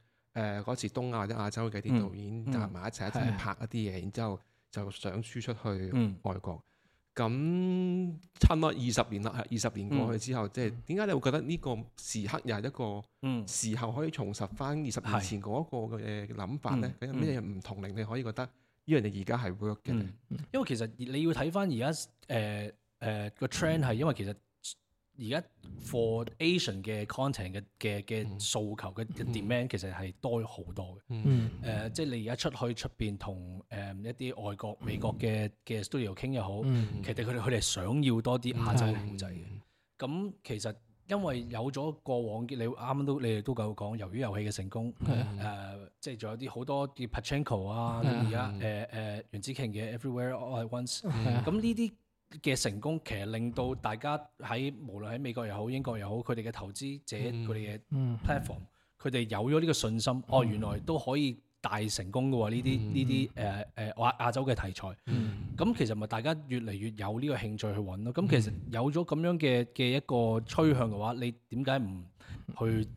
嗰時東亞或者亞洲嘅啲影導演集埋一齊一齊拍一啲嘢，然之後。就想輸出去外國，咁、嗯、差唔多二十年啦，係二十年過去之後，即係點解你會覺得呢個時刻又係一個時候可以重拾翻二十年前嗰個嘅諗法呢？咧、嗯？有咩唔同令你可以覺得因為你而家係 work 嘅？因為其實你要睇翻而家誒誒個 trend 係，因為其實。而家 for Asian 嘅 content 嘅嘅嘅訴求嘅 demand 其實係多咗好多嘅，誒即係你而家出去出邊同誒一啲外國美國嘅嘅 studio 傾又好，其實佢哋佢哋想要多啲亞洲嘅故事嘅。咁其實因為有咗過往，你啱啱都你哋都講由於遊戲嘅成功，誒即係仲有啲好多嘅 Pachinko 啊，而家誒誒楊紫瓊嘅 Everywhere All At Once，咁呢啲。嘅成功其實令到大家喺無論喺美國又好，英國又好，佢哋嘅投資者，佢哋嘅 platform，佢哋有咗呢個信心，嗯、哦原來都可以大成功嘅喎，呢啲呢啲誒誒亞亞洲嘅題材。咁、嗯、其實咪大家越嚟越有呢個興趣去揾咯。咁其實有咗咁樣嘅嘅一個趨向嘅話，你點解唔去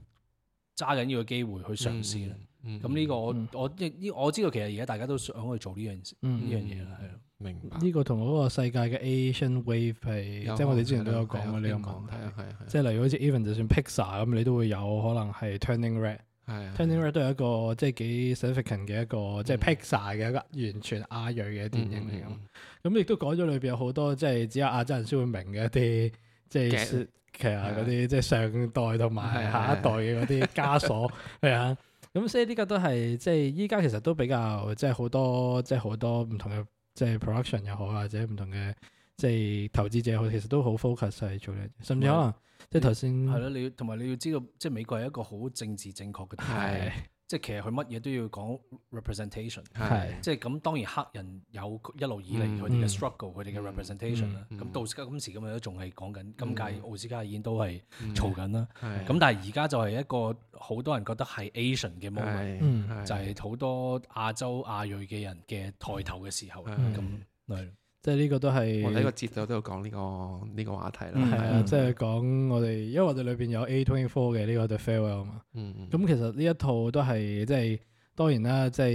揸緊呢個機會去嘗試咧？咁呢、嗯嗯嗯呢個我我即係我知道，其實而家大家都想去做呢樣呢樣嘢啦，係、嗯嗯嗯嗯嗯嗯嗯明白呢個同嗰個世界嘅 Asian Wave 係，即係我哋之前都有講過呢個問題，係啊係啊，即係例如好似 Even 就算 Pixar 咁，你都會有可能係 Turning Red 係 Turning Red 都係一個即係幾 significant 嘅一個即係 Pixar 嘅一個完全亞裔嘅電影嚟嘅。咁亦都改咗裏邊有好多即係只有亞洲人先會明嘅一啲，即係其實嗰啲即係上代同埋下一代嘅嗰啲枷鎖係啊。咁所以呢個都係即係依家其實都比較即係好多即係好多唔同嘅。即係 production 又好，或者唔同嘅即係投資者，好，其實都好 focus 去做咩，甚至可能喂、啊、即係頭先係咯，你要同埋你要知道，即係美國係一個好政治正確嘅地方。即係其實佢乜嘢都要講 representation，係即係咁當然黑人有一路以嚟佢哋嘅 struggle，佢哋嘅 representation 啦。咁到今時今日都仲係講緊，今屆奧斯卡已經都係嘈緊啦。咁但係而家就係一個好多人覺得係 Asian 嘅 moment，就係好多亞洲亞裔嘅人嘅抬頭嘅時候咁。即係呢個都係我呢個節目都有講呢個呢個話題啦。係啊，即係講我哋，因為我哋裏邊有 A24 嘅呢個 The Farewell 啊嘛。嗯嗯。咁其實呢一套都係即係當然啦，即係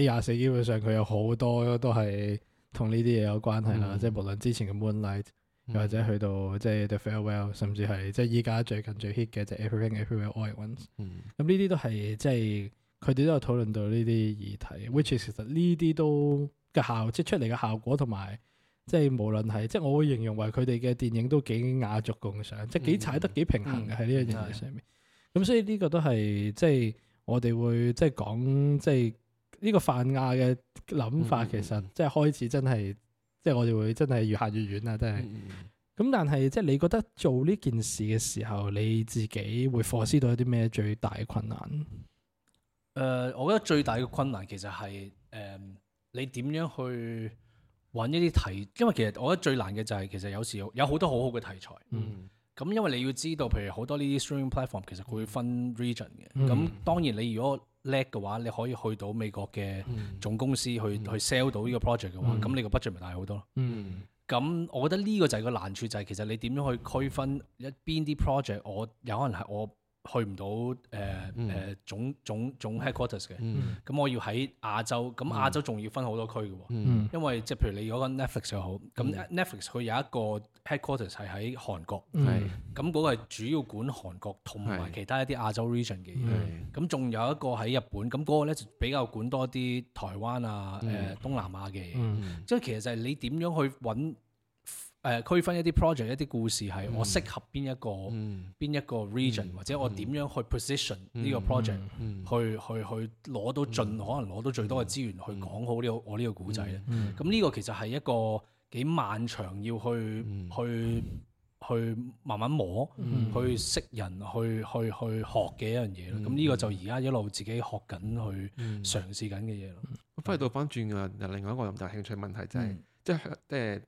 A 廿四基本上佢有好多都係同呢啲嘢有關係啦。即係無論之前嘅 Moonlight，又或者去到即係 The Farewell，甚至係即係依家最近最 hit 嘅就係 Everything Everywhere All At Once。嗯。咁呢啲都係即係佢哋都有討論到呢啲議題，which 其實呢啲都嘅效即係出嚟嘅效果同埋。即係無論係，即係我會形容為佢哋嘅電影都幾雅俗共賞，即係幾踩得幾平衡嘅喺呢樣嘢上面。咁所以呢個都係，即係我哋會即係講，即係呢個泛亞嘅諗法，嗯嗯、其實即係開始真係，嗯、即係我哋會真係越行越遠啦，真係。咁、嗯嗯、但係即係你覺得做呢件事嘅時候，你自己會反思到一啲咩最大嘅困難？誒、嗯，我覺得最大嘅困難其實係，誒、嗯，你點樣去？揾一啲題，因為其實我覺得最難嘅就係其實有時有好多好好嘅題材。嗯。咁因為你要知道，譬如好多呢啲 streaming platform 其實佢會分 region 嘅。咁、嗯、當然你如果叻嘅話，你可以去到美國嘅總公司去、嗯、去 sell 到呢個 project 嘅話，咁你個 budget 咪大好多咯。嗯。咁、嗯、我覺得呢個就係個難處，就係、是、其實你點樣去區分一邊啲 project，我有可能係我。去唔到誒誒總總總 headquarters 嘅，咁、嗯、我要喺亞洲，咁亞洲仲要分好多區嘅，嗯、因為即係譬如你嗰個 Netflix 又好，咁 Netflix 佢有一個 headquarters 係喺韓國，咁嗰、嗯、個係主要管韓國同埋其他一啲亞洲 region 嘅，嘢、嗯，咁仲有一個喺日本，咁、那、嗰個呢就比較管多啲台灣啊誒、呃、東南亞嘅，嘢、嗯，即係、嗯、其實就係你點樣去揾，誒區分一啲 project 一啲故事係我適合邊一個邊一個 region 或者我點樣去 position 呢個 project 去去去攞到盡可能攞到最多嘅資源去講好呢個我呢個古仔咧，咁呢個其實係一個幾漫長要去去去慢慢摸去識人去去去學嘅一樣嘢咯。咁呢個就而家一路自己學緊去嘗試緊嘅嘢咯。翻嚟到返轉嘅另外一個唔大興趣問題就係即係即係。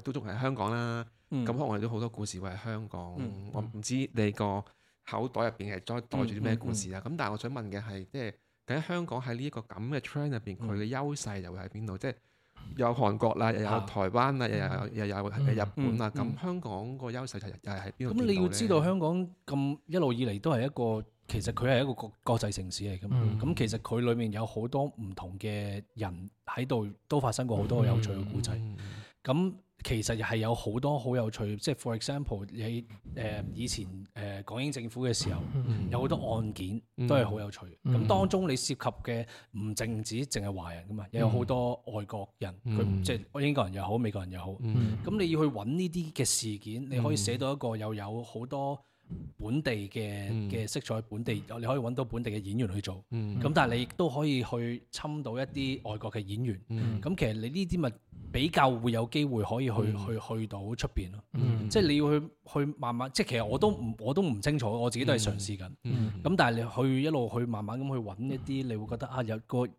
都仲喺香港啦，咁、嗯、可能我哋都好多故事會喺香港。嗯、我唔知你個口袋入邊係再袋住啲咩故事啦。咁、嗯嗯嗯、但係我想問嘅係，即係喺香港喺呢一個咁嘅 trend 入邊，佢嘅優勢又會喺邊度？即係有韓國啦，又有台灣啊又，又有又有日本啊。咁、嗯嗯、香港個優勢係係喺邊度？咁、嗯、你要知道香港咁一路以嚟都係一個其實佢係一個國際城市嚟嘅嘛。咁其實佢裏面有好多唔同嘅人喺度，都發生過好多有趣嘅故仔。嗯咁其實又係有好多好有趣，即係 for example，你誒以前誒港英政府嘅時候，有好多案件都係好有趣。咁當中你涉及嘅唔淨止淨係華人㗎嘛，又有好多外國人，佢即係英國人又好、美國人又好。咁你要去揾呢啲嘅事件，你可以寫到一個又有好多。本地嘅嘅色彩，本地你可以揾到本地嘅演員去做，咁但係你都可以去侵到一啲外國嘅演員，咁其實你呢啲咪比較會有機會可以去去去到出邊咯，即係你要去去慢慢，即係其實我都我都唔清楚，我自己都係嘗試緊，咁但係你去一路去慢慢咁去揾一啲，你會覺得啊有個呢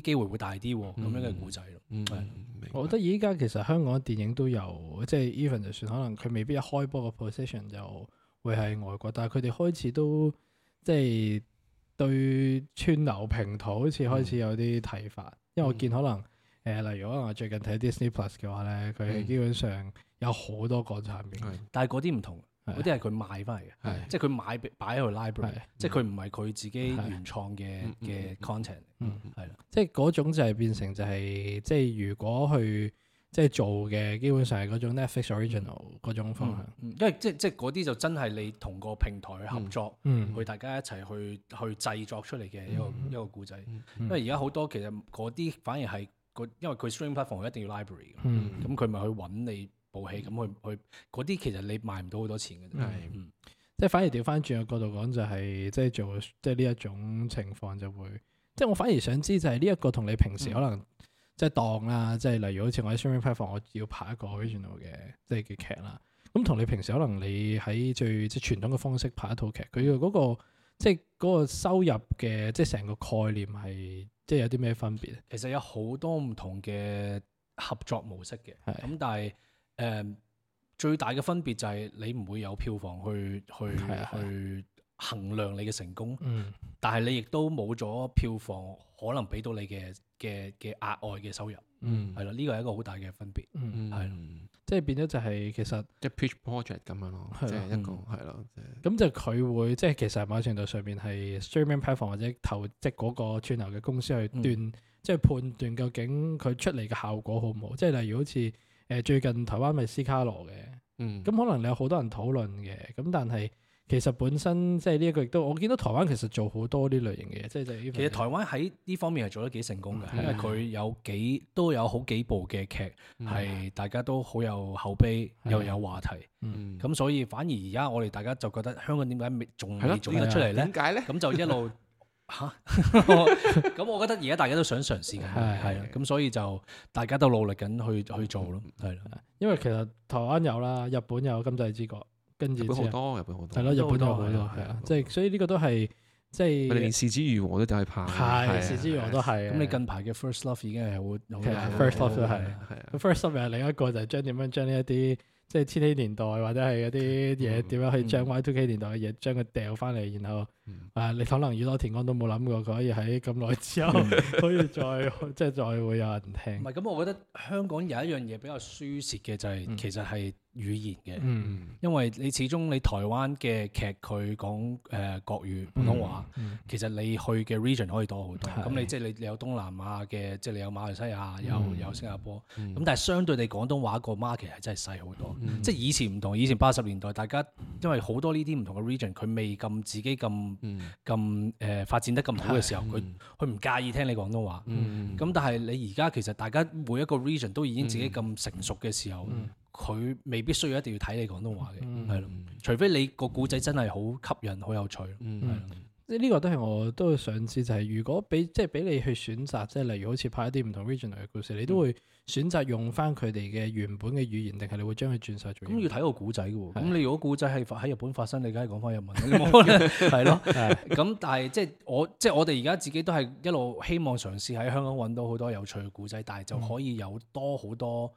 啲機會會大啲咁樣嘅故仔咯。嗯，我覺得依家其實香港電影都有，即係 even 就算可能佢未必一開波個 position 就。會係外國，但係佢哋開始都即係對串流平臺好似開始有啲睇法，因為我見可能誒，例如可能我最近睇啲 Disney+ 嘅話咧，佢係基本上有好多港產片，但係嗰啲唔同，嗰啲係佢買翻嚟嘅，即係佢買擺喺度 library，即係佢唔係佢自己原創嘅嘅 content，係啦，即係嗰種就係變成就係即係如果去。即係做嘅，基本上係嗰種 Netflix original 嗰、嗯、種方向，嗯嗯、因為即即嗰啲就真係你同個平台去合作，嗯嗯、去大家一齊去去製作出嚟嘅一個、嗯、一個故仔。因為而家好多其實嗰啲反而係因為佢 stream platform 一定要 li library，咁佢咪去揾你部戲咁去去嗰啲，其實你賣唔到好多錢嘅。係，即係反而調翻轉個角度講，就係，就係即係做即係呢一種情況，就會即係我反而想知就係呢一個同你平時可能。嗯嗯即係當啦，即係例如好似我喺 Streaming Platform 我要拍一個 Original 嘅即係劇啦，咁、嗯、同你平時可能你喺最即係傳統嘅方式拍一套劇，佢嘅嗰個即係嗰個收入嘅即係成個概念係即係有啲咩分別？其實有好多唔同嘅合作模式嘅，咁的但係誒、呃、最大嘅分別就係你唔會有票房的去去去衡的量你嘅成功，嗯，但係你亦都冇咗票房可能俾到你嘅。嘅嘅額外嘅收入，嗯，係啦，呢個係一個好大嘅分別，嗯，係咯，即係變咗就係其實即係 pitch project 咁樣咯，即係的一個係咯，咁、嗯、的就佢會、嗯、即係其實某程度上邊係 streaming platform 或者投即嗰個串流嘅公司去斷，嗯、即係判斷究竟佢出嚟嘅效果好唔好，即係例如好似誒最近台灣咪斯卡羅嘅，嗯，咁可能有好多人討論嘅，咁但係。其實本身即係呢一個亦都，我見到台灣其實做好多呢類型嘅嘢，即係即係。其實台灣喺呢方面係做得幾成功嘅，嗯、因為佢有幾都有好幾部嘅劇係大家都好有口碑，又、啊、有，有話題。嗯，咁所以反而而家我哋大家就覺得香港點解未仲未做得出嚟咧？點解咧？咁就一路吓，咁、 [laughs] 啊、我，我覺得而家大家都想嘗試，係係、嗯、啊、咁、啊嗯啊啊、所以就大家都努力緊去去做咯，係啦、嗯啊。因為其實台灣有啦，日本有《有今際之國》。跟住，好多，日本好多，日本多好多，係啊！即係所以呢個都係，即係咪連是枝裕和都係怕，係是枝裕和都係。咁你近排嘅《First Love》已經係好，好嘅，《First Love》都係。係啊，《First Love》又係另一個，就係將點樣將呢一啲，即係千禧年代或者係一啲嘢，點樣去將 Y2K 年代嘅嘢，將佢掉翻嚟，然後誒，你可能宇多田光都冇諗過，佢可以喺咁耐之後，可以再即係再會有人聽。唔係咁，我覺得香港有一樣嘢比較輸蝕嘅，就係其實係。語言嘅，因為你始終你台灣嘅劇佢講誒國語、普通話，其實你去嘅 region 可以多好多。咁你即係你你有東南亞嘅，即係你有馬來西亞、有有新加坡。咁但係相對你廣東話個 market 係真係細好多。即係以前唔同，以前八十年代大家因為好多呢啲唔同嘅 region，佢未咁自己咁咁誒發展得咁好嘅時候，佢佢唔介意聽你廣東話。咁但係你而家其實大家每一個 region 都已經自己咁成熟嘅時候。佢未必需要一定要睇你廣東話嘅，係咯？除非你個古仔真係好吸引、好有趣，係即係呢個都係我都想知，就係如果俾即係俾你去選擇，即係例如好似拍一啲唔同 regional 嘅故事，你都會選擇用翻佢哋嘅原本嘅語言，定係你會將佢轉曬？咁要睇個古仔嘅喎。咁你如果古仔係喺日本發生，你梗係講翻日文。係咯，咁但係即係我即係我哋而家自己都係一路希望嘗試喺香港揾到好多有趣嘅古仔，但係就可以有多好多。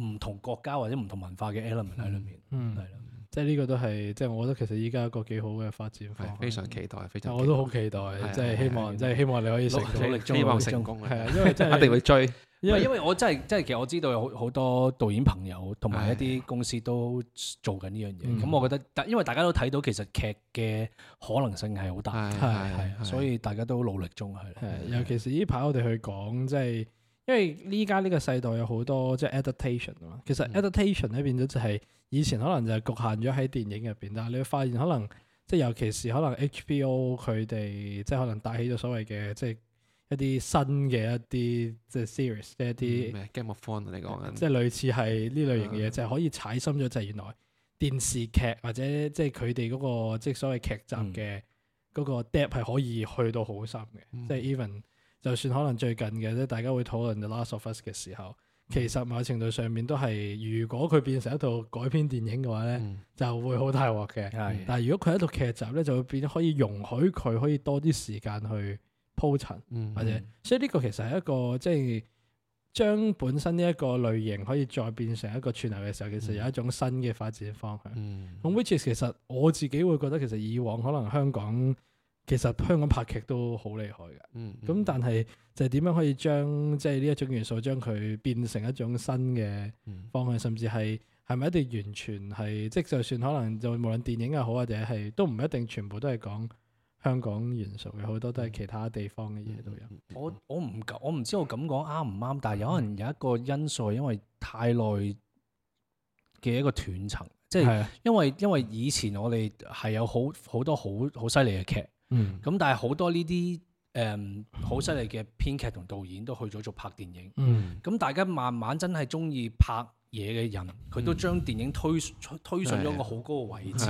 唔同國家或者唔同文化嘅 element 喺裏面，嗯，係咯，即係呢個都係，即係我覺得其實依家一個幾好嘅發展方向非常期待，非常我都好期待，即係希望，即係希望你可以成努力中成功嘅，係因為即係一定會追，因為因為我真係真係其實我知道有好好多導演朋友同埋一啲公司都做緊呢樣嘢，咁我覺得，但因為大家都睇到其實劇嘅可能性係好大，係係，所以大家都努力中係，係尤其是呢排我哋去講即係。因為呢家呢個世代有好多即係、就是、adaptation 啊嘛，其實 adaptation 咧，變咗就係以前可能就係局限咗喺電影入邊，但係你會發現可能即係尤其是可能 HBO 佢哋即係可能帶起咗所謂嘅即係一啲新嘅一啲即係 series 嘅一啲 Game of Thrones 嚟講，即係、嗯啊、類似係呢類型嘅嘢，嗯，就係可以踩深咗，就係、是、原來電視劇或者即係佢哋嗰個即係所謂劇集嘅嗰個 depth 係、嗯、可以去到好深嘅，嗯、即係 even。就算可能最近嘅，即係大家會討論《The Last of Us》嘅時候，嗯、其實某程度上面都係，如果佢變成一套改編電影嘅話咧，嗯、就會好大鑊嘅。係、嗯，但係如果佢係一套劇集咧，就會變可以容許佢可以多啲時間去鋪陳，嗯嗯、或者，所以呢個其實係一個即係、就是、將本身呢一個類型可以再變成一個串流嘅時候，其實有一種新嘅發展方向。咁、嗯、Which is 其實我自己會覺得，其實以往可能香港。其實香港拍劇都好厲害嘅，咁、嗯嗯、但係就點樣可以將即係呢一種元素，將佢變成一種新嘅方向，嗯、甚至係係咪一定完全係即係就算可能就無論電影又好或者係都唔一定全部都係講香港元素嘅，好、嗯、多都係其他地方嘅嘢都有。嗯嗯嗯嗯、我我唔我唔知道我咁講啱唔啱，但係有可能有一個因素，嗯、因為太耐嘅一個斷層，即係、嗯、因為的因為以前我哋係有好好多好好犀利嘅劇。嗯，咁但係好多呢啲誒好犀利嘅編劇同導演都去咗做拍電影，嗯，咁、嗯、大家慢慢真係中意拍嘢嘅人，佢都將電影推推上咗一個好高嘅位置，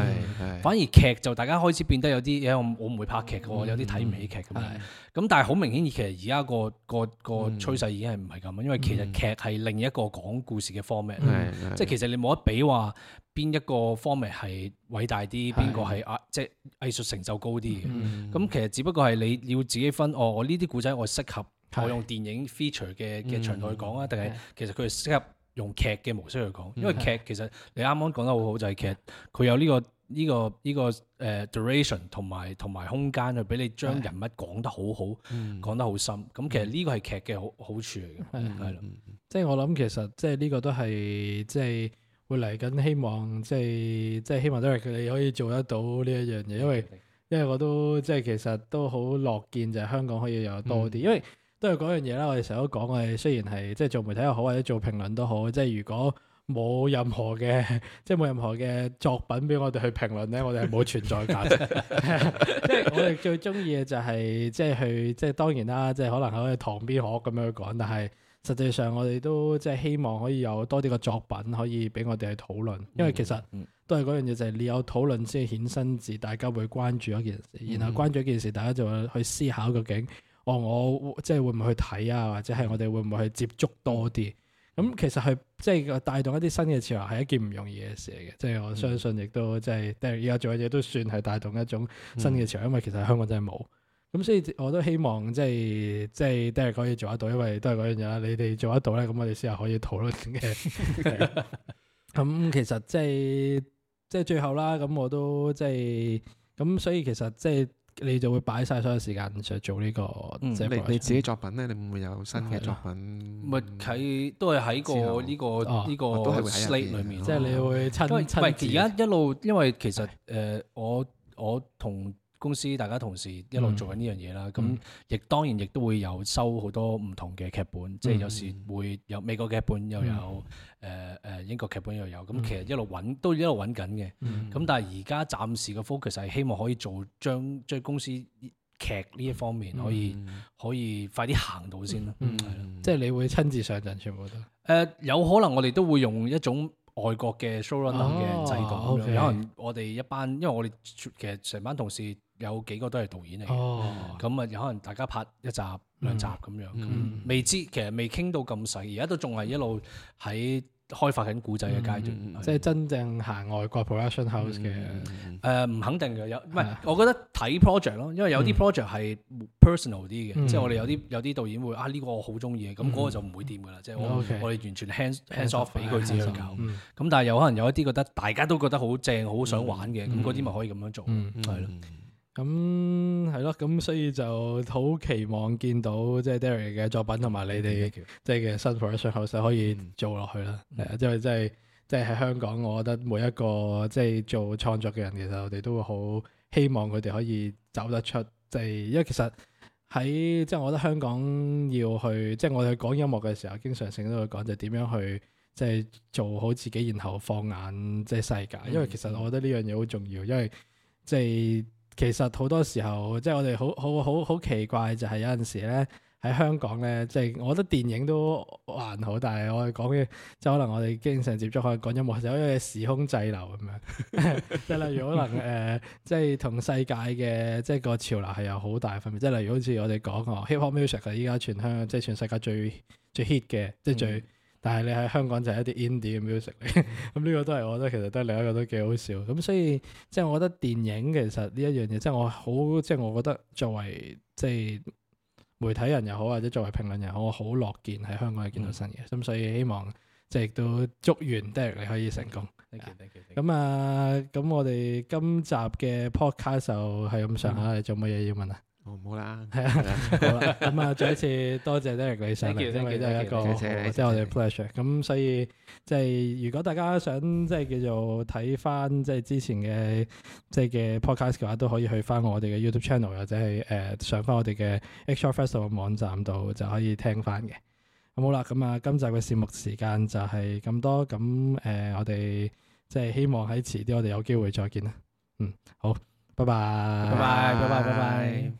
反而劇就大家開始變得有啲，我我唔會拍劇嘅，有啲睇唔起劇咁，咁但係好明顯，其實而家個個個趨勢已經係唔係咁。因為其實劇係另一個講故事嘅 format，即係其實你冇得比話邊一個 format 係偉大啲，邊個係啊？即係藝術成就高啲嘅。咁其實只不過係你要自己分哦，我呢啲故仔我適合我用電影 feature 嘅嘅場度去講啊，定係其實佢係適合。用劇嘅模式去講，因為劇其實你啱啱講得好好，就係劇佢有呢個呢個呢個誒 duration 同埋同埋空間去俾你將人物講得好好，講得好深。咁其實呢個係劇嘅好好處嚟嘅，係咯。即係我諗其實即係呢個都係即係會嚟緊，希望即係即係希望 Derek 你可以做得到呢一樣嘢，因為因為我都即係其實都好樂見就係香港可以有多啲、嗯，因為。都係嗰樣嘢啦，我哋成日都講，我哋雖然係即係做媒體又好，或者做評論都好，即係如果冇任何嘅，即係冇任何嘅作品俾我哋去評論咧，我哋係冇存在感、就是。即係我哋最中意嘅就係即係去，即係當然啦，即係可能喺個塘邊鶴咁樣去講，但係實際上我哋都即係希望可以有多啲嘅作品可以俾我哋去討論，因為其實都係嗰樣嘢，就係、是、你有討論先顯身姿，大家會關注一件事，然後關注一件事，大家就會去思考個景。哦、我即係會唔會去睇啊，或者係我哋會唔會去接觸多啲？咁、嗯嗯、其實係即係帶動一啲新嘅潮流，係一件唔容易嘅事嚟嘅。嗯、即係我相信，亦都即係，Derek 而家做嘅嘢都算係帶動一種新嘅潮流，嗯、因為其實香港真係冇。咁所以我都希望即係即係 Derek 可以做得到，因為都係嗰樣嘢。你哋做得到咧，咁我哋先係可以討論嘅。咁、 [laughs] [laughs] 嗯、其實即係即係最後啦，咁我都即係咁，所以其實即係。你就會擺晒所有時間著做呢、這個，即係、嗯、你，你自己作品咧，你唔會有新嘅作品？咪喺、嗯、都係喺個呢、這個呢、哦這個 slate 裏面，啊哦、即係你會親親自，唔係而家一路，因為其實誒、呃，我我同。公司大家同時一事一路做緊呢樣嘢啦，咁亦、嗯、當然亦都會有收好多唔同嘅劇本，嗯、即係有時會有美國劇本、嗯、又有誒誒英國劇本又有，咁、嗯、其實一路揾都一路揾緊嘅，咁、嗯、但係而家暫時嘅 focus 係希望可以做將即公司劇呢一方面可以、嗯、可以可以快啲行到先咯，即係你會親自上陣全部都誒、呃、有可能我哋都會用一種外國嘅 showrun 嘅制度咁、哦、樣，可能白我哋一班，因為我哋其實成班同事有幾個都係導演嚟，嘅、哦。咁啊，有可能大家拍一集兩集咁樣，未、嗯嗯、知其實未傾到咁細，而家都仲係一路喺，嗯開發緊故仔嘅階段，即係真正行外國 production house 嘅，誒唔肯定嘅有，唔係我覺得睇 project 咯，因為有啲 project 係 personal 啲嘅，即係我哋有啲有啲導演會啊呢個我好中意嘅，咁嗰個就唔會掂噶啦，即係我我哋完全 hands hands off 俾佢自己搞，咁但係有可能有一啲覺得大家都覺得好正，好想玩嘅，咁嗰啲咪可以咁樣做，係咯。咁係咯，咁、嗯、所以就好期望見到即係、就是、Derek 嘅作品同埋你哋嘅、嗯、即係嘅新 production，然後想可以做落去啦。係啊、嗯，因為真係即係喺香港，我覺得每一個即係做創作嘅人，其實我哋都會好希望佢哋可以走得出。即、就、係、是、因為其實喺即係我覺得香港要去，即係我哋講音樂嘅時候，經常性都會講就點樣去即係做好自己，然後放眼即係世界。嗯、因為其實我覺得呢樣嘢好重要，因為即係。其實好多時候，即係我哋好好好好奇怪就，就係有陣時咧喺香港咧，即係我覺得電影都還好，但係我哋講嘅即係可能我哋經常接觸，可能講音樂就因為時空滯流咁樣。即係例如可能誒，即係同世界嘅即係個潮流係有好大分別。即係例如好似我哋講個 hip hop music，依家全香港即係全世界最最 hit 嘅，即係最。 [music] 但係你喺香港就係一啲 indie 嘅 music 嚟，咁呢、嗯 [laughs] 嗯呢個都係我覺得其實都係另一個都幾好笑。咁所以即係、就是、我覺得電影其實呢一樣嘢，即、就、係、是、我好即係、就是、我覺得作為即係、就是、媒體人又好，或者作為評論人又好，我好樂見喺香港係見到新嘢。咁、嗯嗯、所以希望即係亦都祝願 Derek 你可以成功。決定決定。咁啊，咁、啊、我哋今集嘅 podcast 就係咁上下，嗯、你做乜嘢要問啊？哦、好啦？係 [laughs] 啊，咁啊， [laughs] 再一次多謝 Derek 你上嚟，謝謝因為都係一個即係我哋 pleasure 謝。咁所以即係、就是、如果大家想即係、就是、叫做睇翻即係之前嘅即係、就、嘅、是、podcast 嘅話，都可以去翻我哋嘅 YouTube channel，或者係誒、呃、上翻我哋嘅 EXTRA FESTIVAL 網站度就可以聽翻嘅。咁好啦，咁啊今集嘅節目時間就係咁多。咁誒、呃，我哋即係希望喺遲啲我哋有機會再見啦。嗯，好，拜，拜，bye bye, 拜拜，拜拜，拜拜。